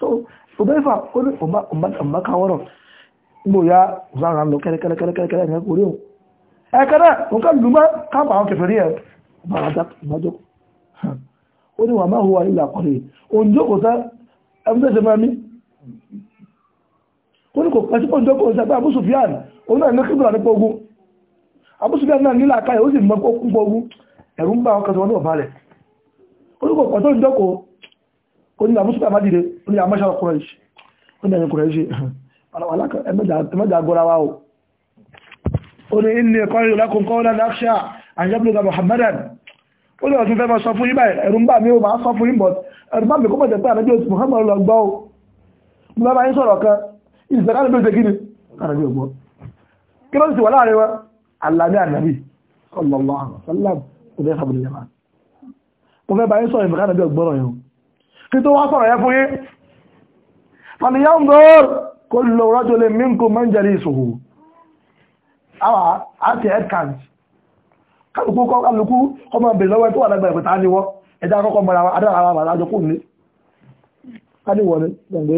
Speaker 1: so Huzaifa ó ní ọ̀mọ́ká wọ́rọ̀ gbòyà Huzaifa lọ kẹ́rẹ́kẹ́rẹ́kẹ́rẹ́ ní orí òun ẹ̀kẹ́rẹ́ nǹkan lùmọ́ káàpà àwọn kẹfẹ́ rí ẹ̀ ọmọdé ó ní wà máa hùwà ilẹ̀ àkọlẹ̀ òǹjókòó sẹ́ ẹ̀mùsẹ̀sẹ̀ máa mí ó ní kò pẹ̀sí òǹjókòó sẹ́ pé Abu Sufyan òun náà ní kíbìlà nípa Abu Sufyan náà nílà káyẹ̀ ó sì mọ́ ogun ẹ̀rù ń bá ọkọ̀ orúkọ pọ̀ tó ń dọ́kọ̀ onígbà mùsùlùmí àmàdìde onígbà mọ́ṣára kùrẹ́ṣì onígbà kùrẹ́ṣì ẹmẹ́jà gọ́ra wa o oní ilé ẹ̀kọ́ ìrọ̀lákùn kọ́ ọ̀nà náfṣà àyẹ́bùlùgbà Muhammadan ó lè ọ̀tún fẹ́ máa sọ fún yín báyìí ẹ̀rù ń bà mí ó máa sọ fún yín bọ̀t ẹ̀rù ni àrẹ́bí ògbọ́ kí ló sì wà láàrin wọn àlàní àrẹ́bí sallallahu alaihi wasallam kò dé sábà mo fẹ́ báyé sọ̀rọ̀ ìfẹ́ká nàbí ọgbọ́rọ̀ yẹn kí tó wá sọ̀rọ̀ yẹ fún yí fàníyàndọ́r kó lọ rọ́jò lè mínkù mẹ́jẹ̀lì ìṣòhò àwà àti headcount kálukú kálukú ọmọ ìbèrè lọ́wọ́ tó wà lágbà ìpẹta ní wọ́ ẹjá kọ́kọ́ mọ́ra adára àwọn àjọ kò ní káníwọ̀n gbọ̀ngbé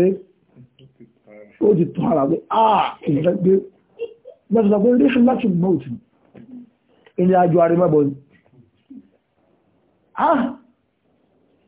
Speaker 1: ó ti tọ́ ara pé ah ìrẹ́gbé ah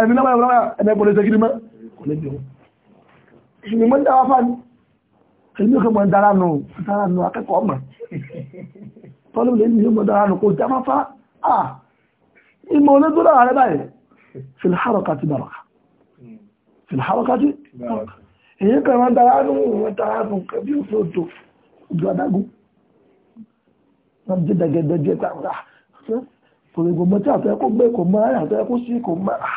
Speaker 1: ẹ̀mí náà wọ́n ẹ̀mẹ́ kò lè ṣe kí ní mọ́ kò lè jẹun ṣùgbọ́n mọ́ ń dáwà fà ní ẹ̀mí kò mọ́ ń dára nù dára nù akẹ́kọ̀ọ́ mọ̀ tọ́lú lè ní mọ́ dára nù kò já má fà á ìmọ̀ olójú náà rẹ báyìí fìlhárọ̀kàtì bàrọ̀kà fìlhárọ̀kàtì bàrọ̀kà èyí kan wọ́n dára nù wọ́n dára nù kẹbí òfin òdò òdò adágún wọ́n kò lè gbọmọ tí àtọ́ gbé kò mọ́ àyà sí kò mọ́ àà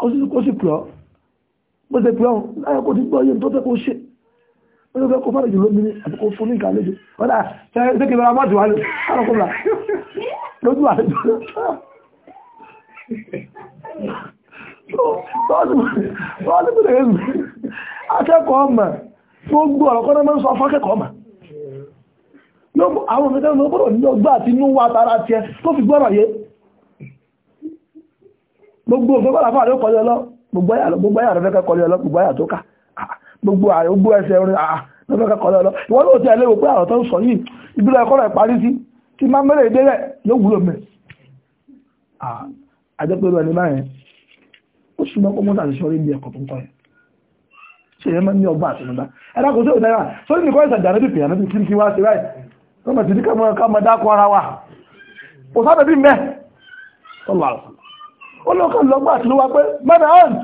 Speaker 1: kó sì pè ọ́ bó ṣe pè ọ́ láyé kó ti gbọ́ iye tó fẹ́ kó ṣe ó ló fẹ́ kó fàlejò lómìnir àti kó fún ní ìka àlejò ọ̀dà ṣe kí bẹ́ẹ̀ bá ti wà ní àrùkùnlà lójú àlejò wọ́n ti bẹ̀rẹ̀ ẹ̀mí akẹ́kọ̀ọ́ ọmọ gbogbo ọ̀rọ̀ kọ́nà mẹ́rin sọ fákẹ́kọ̀ọ́ ọmọ àwọn ọmọ ìgbọ́dọ̀ ní ọgbà àti inú wa tara tiẹ̀ tó fi gbọ́rọ̀ yé gbogbo ògbọ́gbọ́lá fún àlọ́ kọlẹ̀ ọlọ́ gbogbo àyà rẹ̀ fẹ́ kọlẹ̀ ọlọ́ gbogbo àyà tó ká gbogbo àyà ó gbó ẹsẹ̀ orin àà ló fẹ́ kọlẹ̀ ọlọ́ ìwọ ló ti ẹlẹ́wò pé àwọn tó ń sọ yìí ìbílẹ̀ ẹ̀kọ́ rẹ̀ parí sí tí máa mẹ́rẹ̀ èdè rẹ̀ yóò wúlò mẹ́ àjẹpẹ́rù ẹni báyẹn ó súnmọ́ kó mọ́tà sí sọ́rí ibi ẹ̀kọ́ tó ń kọ́ yẹn ṣe yẹn máa ń ní ọgbà àtinúdá ẹ̀dá kò sí òun sórí nìkan ìsàjà níbi pèyà níbi kí n wá sí báyìí wọ́n mọ̀ sí ká mọ̀ dákọ̀ ara wa kò sábẹ̀ bí mẹ́ sọ́lọ́ àlùfáà olókan lọ́gbà tí ló wá pé mẹ́rin hand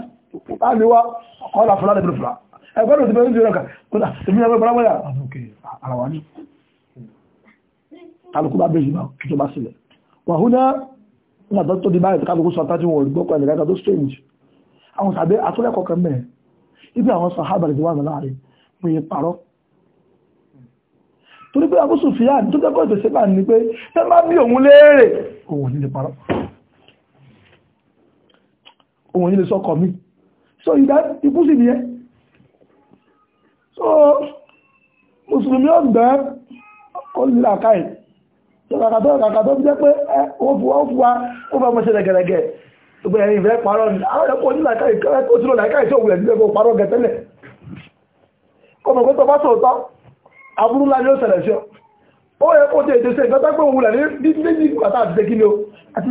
Speaker 1: àníwá ọ̀kọ́lá fúnlá lẹ́bìnrin fúnlá ẹgbẹ́ ló ti bẹ̀rẹ̀ ìjọ ọ̀kà kódà èmi ẹgbẹ́ bọ́lá wọ́yà àbúkẹ́ ara wa ní kálukú bá bèèrè bá kí tó bá sílẹ̀ wà hún náà nígbà tó tó di báyìí kálukú sọ tájú wọn gbọ́kọ̀ ẹ̀lẹ̀ gàgà tó strange àwọn sàbẹ́ atúlẹ̀kọ̀ kan mẹ́rin ibi àwọn sọ harvard wà mọ́ láàrin mo yẹ parọ́ torí pé abúsùn fìyà tó jẹ́ kó ìfẹsẹ̀ náà ni pé ẹ má bí òun léèrè òun ò ní lè parọ́ òun ilé sọ́kọ̀ mi so ìdá ikú sì nìyẹn so mùsùlùmí ọ̀gbẹ́ ó ní làákàyè kàkàtọ́ kàkàtọ́ jẹ́ pé ó fún wọn fún wa ó fún ọmọ ṣẹlẹ̀ gẹ̀rẹ̀gẹ̀ gbogbo ẹ̀yìn ìfẹ́ parọ́ ni àwọn ẹ̀kọ́ ní làákàyè kẹ́rẹ́ tó sílò làákàyè tí òwúrẹ̀ nílẹ̀ kó parọ́ gẹ̀ tẹ́lẹ̀ ọmọ pé tó bá sòótọ́ aburú ńlá ni ó ṣẹlẹ̀ sí ọ ó yẹ kó tètè ṣe ìgbọ́tọ́ pé òwúrẹ̀ ní méjì pàtàkì àti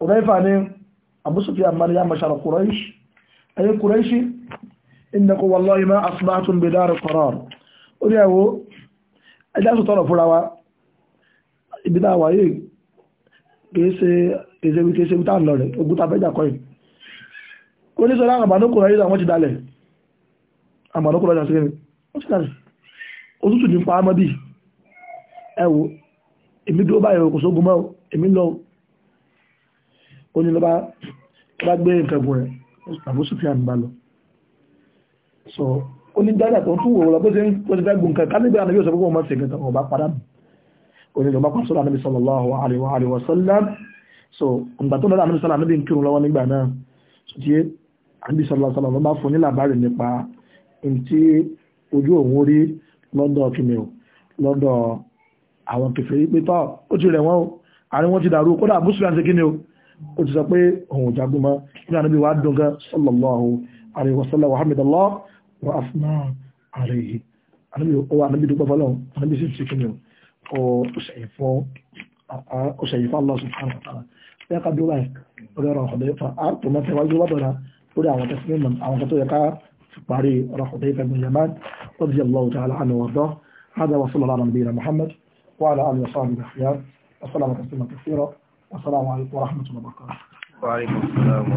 Speaker 1: Hudhaifa ni Abu Sufyan man ya mashar Quraysh ay Quraysh innakum wallahi ma asbahtum bi dar qarar ó ní ẹ̀wọ́ ẹjá sọ tọ́rọ̀ fúnra wa ibi tá a wáyé kìí ṣe kìí ṣe ibi tá a lọ rẹ̀ ogun tàbí ẹjà kọ́yìn kó ní sọ́rọ̀ àmàdó Quraysh àwọn ti dalẹ̀ àmàdó Quraysh àti kẹrin wọ́n ti dalẹ̀ òtútù ní pa á mọ́ bí ẹ̀wọ́ èmi dúró báyìí kò sógun mọ́ èmi lọ ó ní ló bá gbé nǹkan gùn rẹ̀ Abu Sufyan bá lọ so ó ní dáadáa tó ń tún wòrò lọ́pọ̀ tó ti fẹ́ gùn kan kálíbẹ̀ ànàbí púpọ̀ mọ́sí ìgbẹ̀ta ọba padà sallam so ǹgbà tó lọ́dọ̀ ànàbí so ti ànàbí sallallahu sallam ló bá fún ní làbárì nípa ntí ojú òun rí lọ́dọ̀ kìnìún lọ́dọ̀ àwọn kẹfẹ́ pé tọ́ ó ti rẹ̀ wọ́n àárín wọn ti dàrú kódà Abu Sufyan ti kí ni o ó ti sọ pé òun jagun mọ́ nínú àníbí wa dùn gan sallallahu alaihi wasallam wa hamidallah wa afna alaihi àníbí ó wà àníbí dúpẹ́ fọlọ́run àníbí sì ti kí ni ó ṣẹ̀yìn fún ó ṣẹ̀yìn fún Allah subhanahu wa ta'ala bẹ́ẹ̀ ká dúró báyìí ọ̀rẹ́ ọ̀rọ̀ ọ̀dẹ́ fa á tó هذا وصلى الله على نبينا محمد وعلى اله وصحبه اجمعين وسلم تسليما كثيرا Assalamu alaikum warahmatullahi wabarakatuh.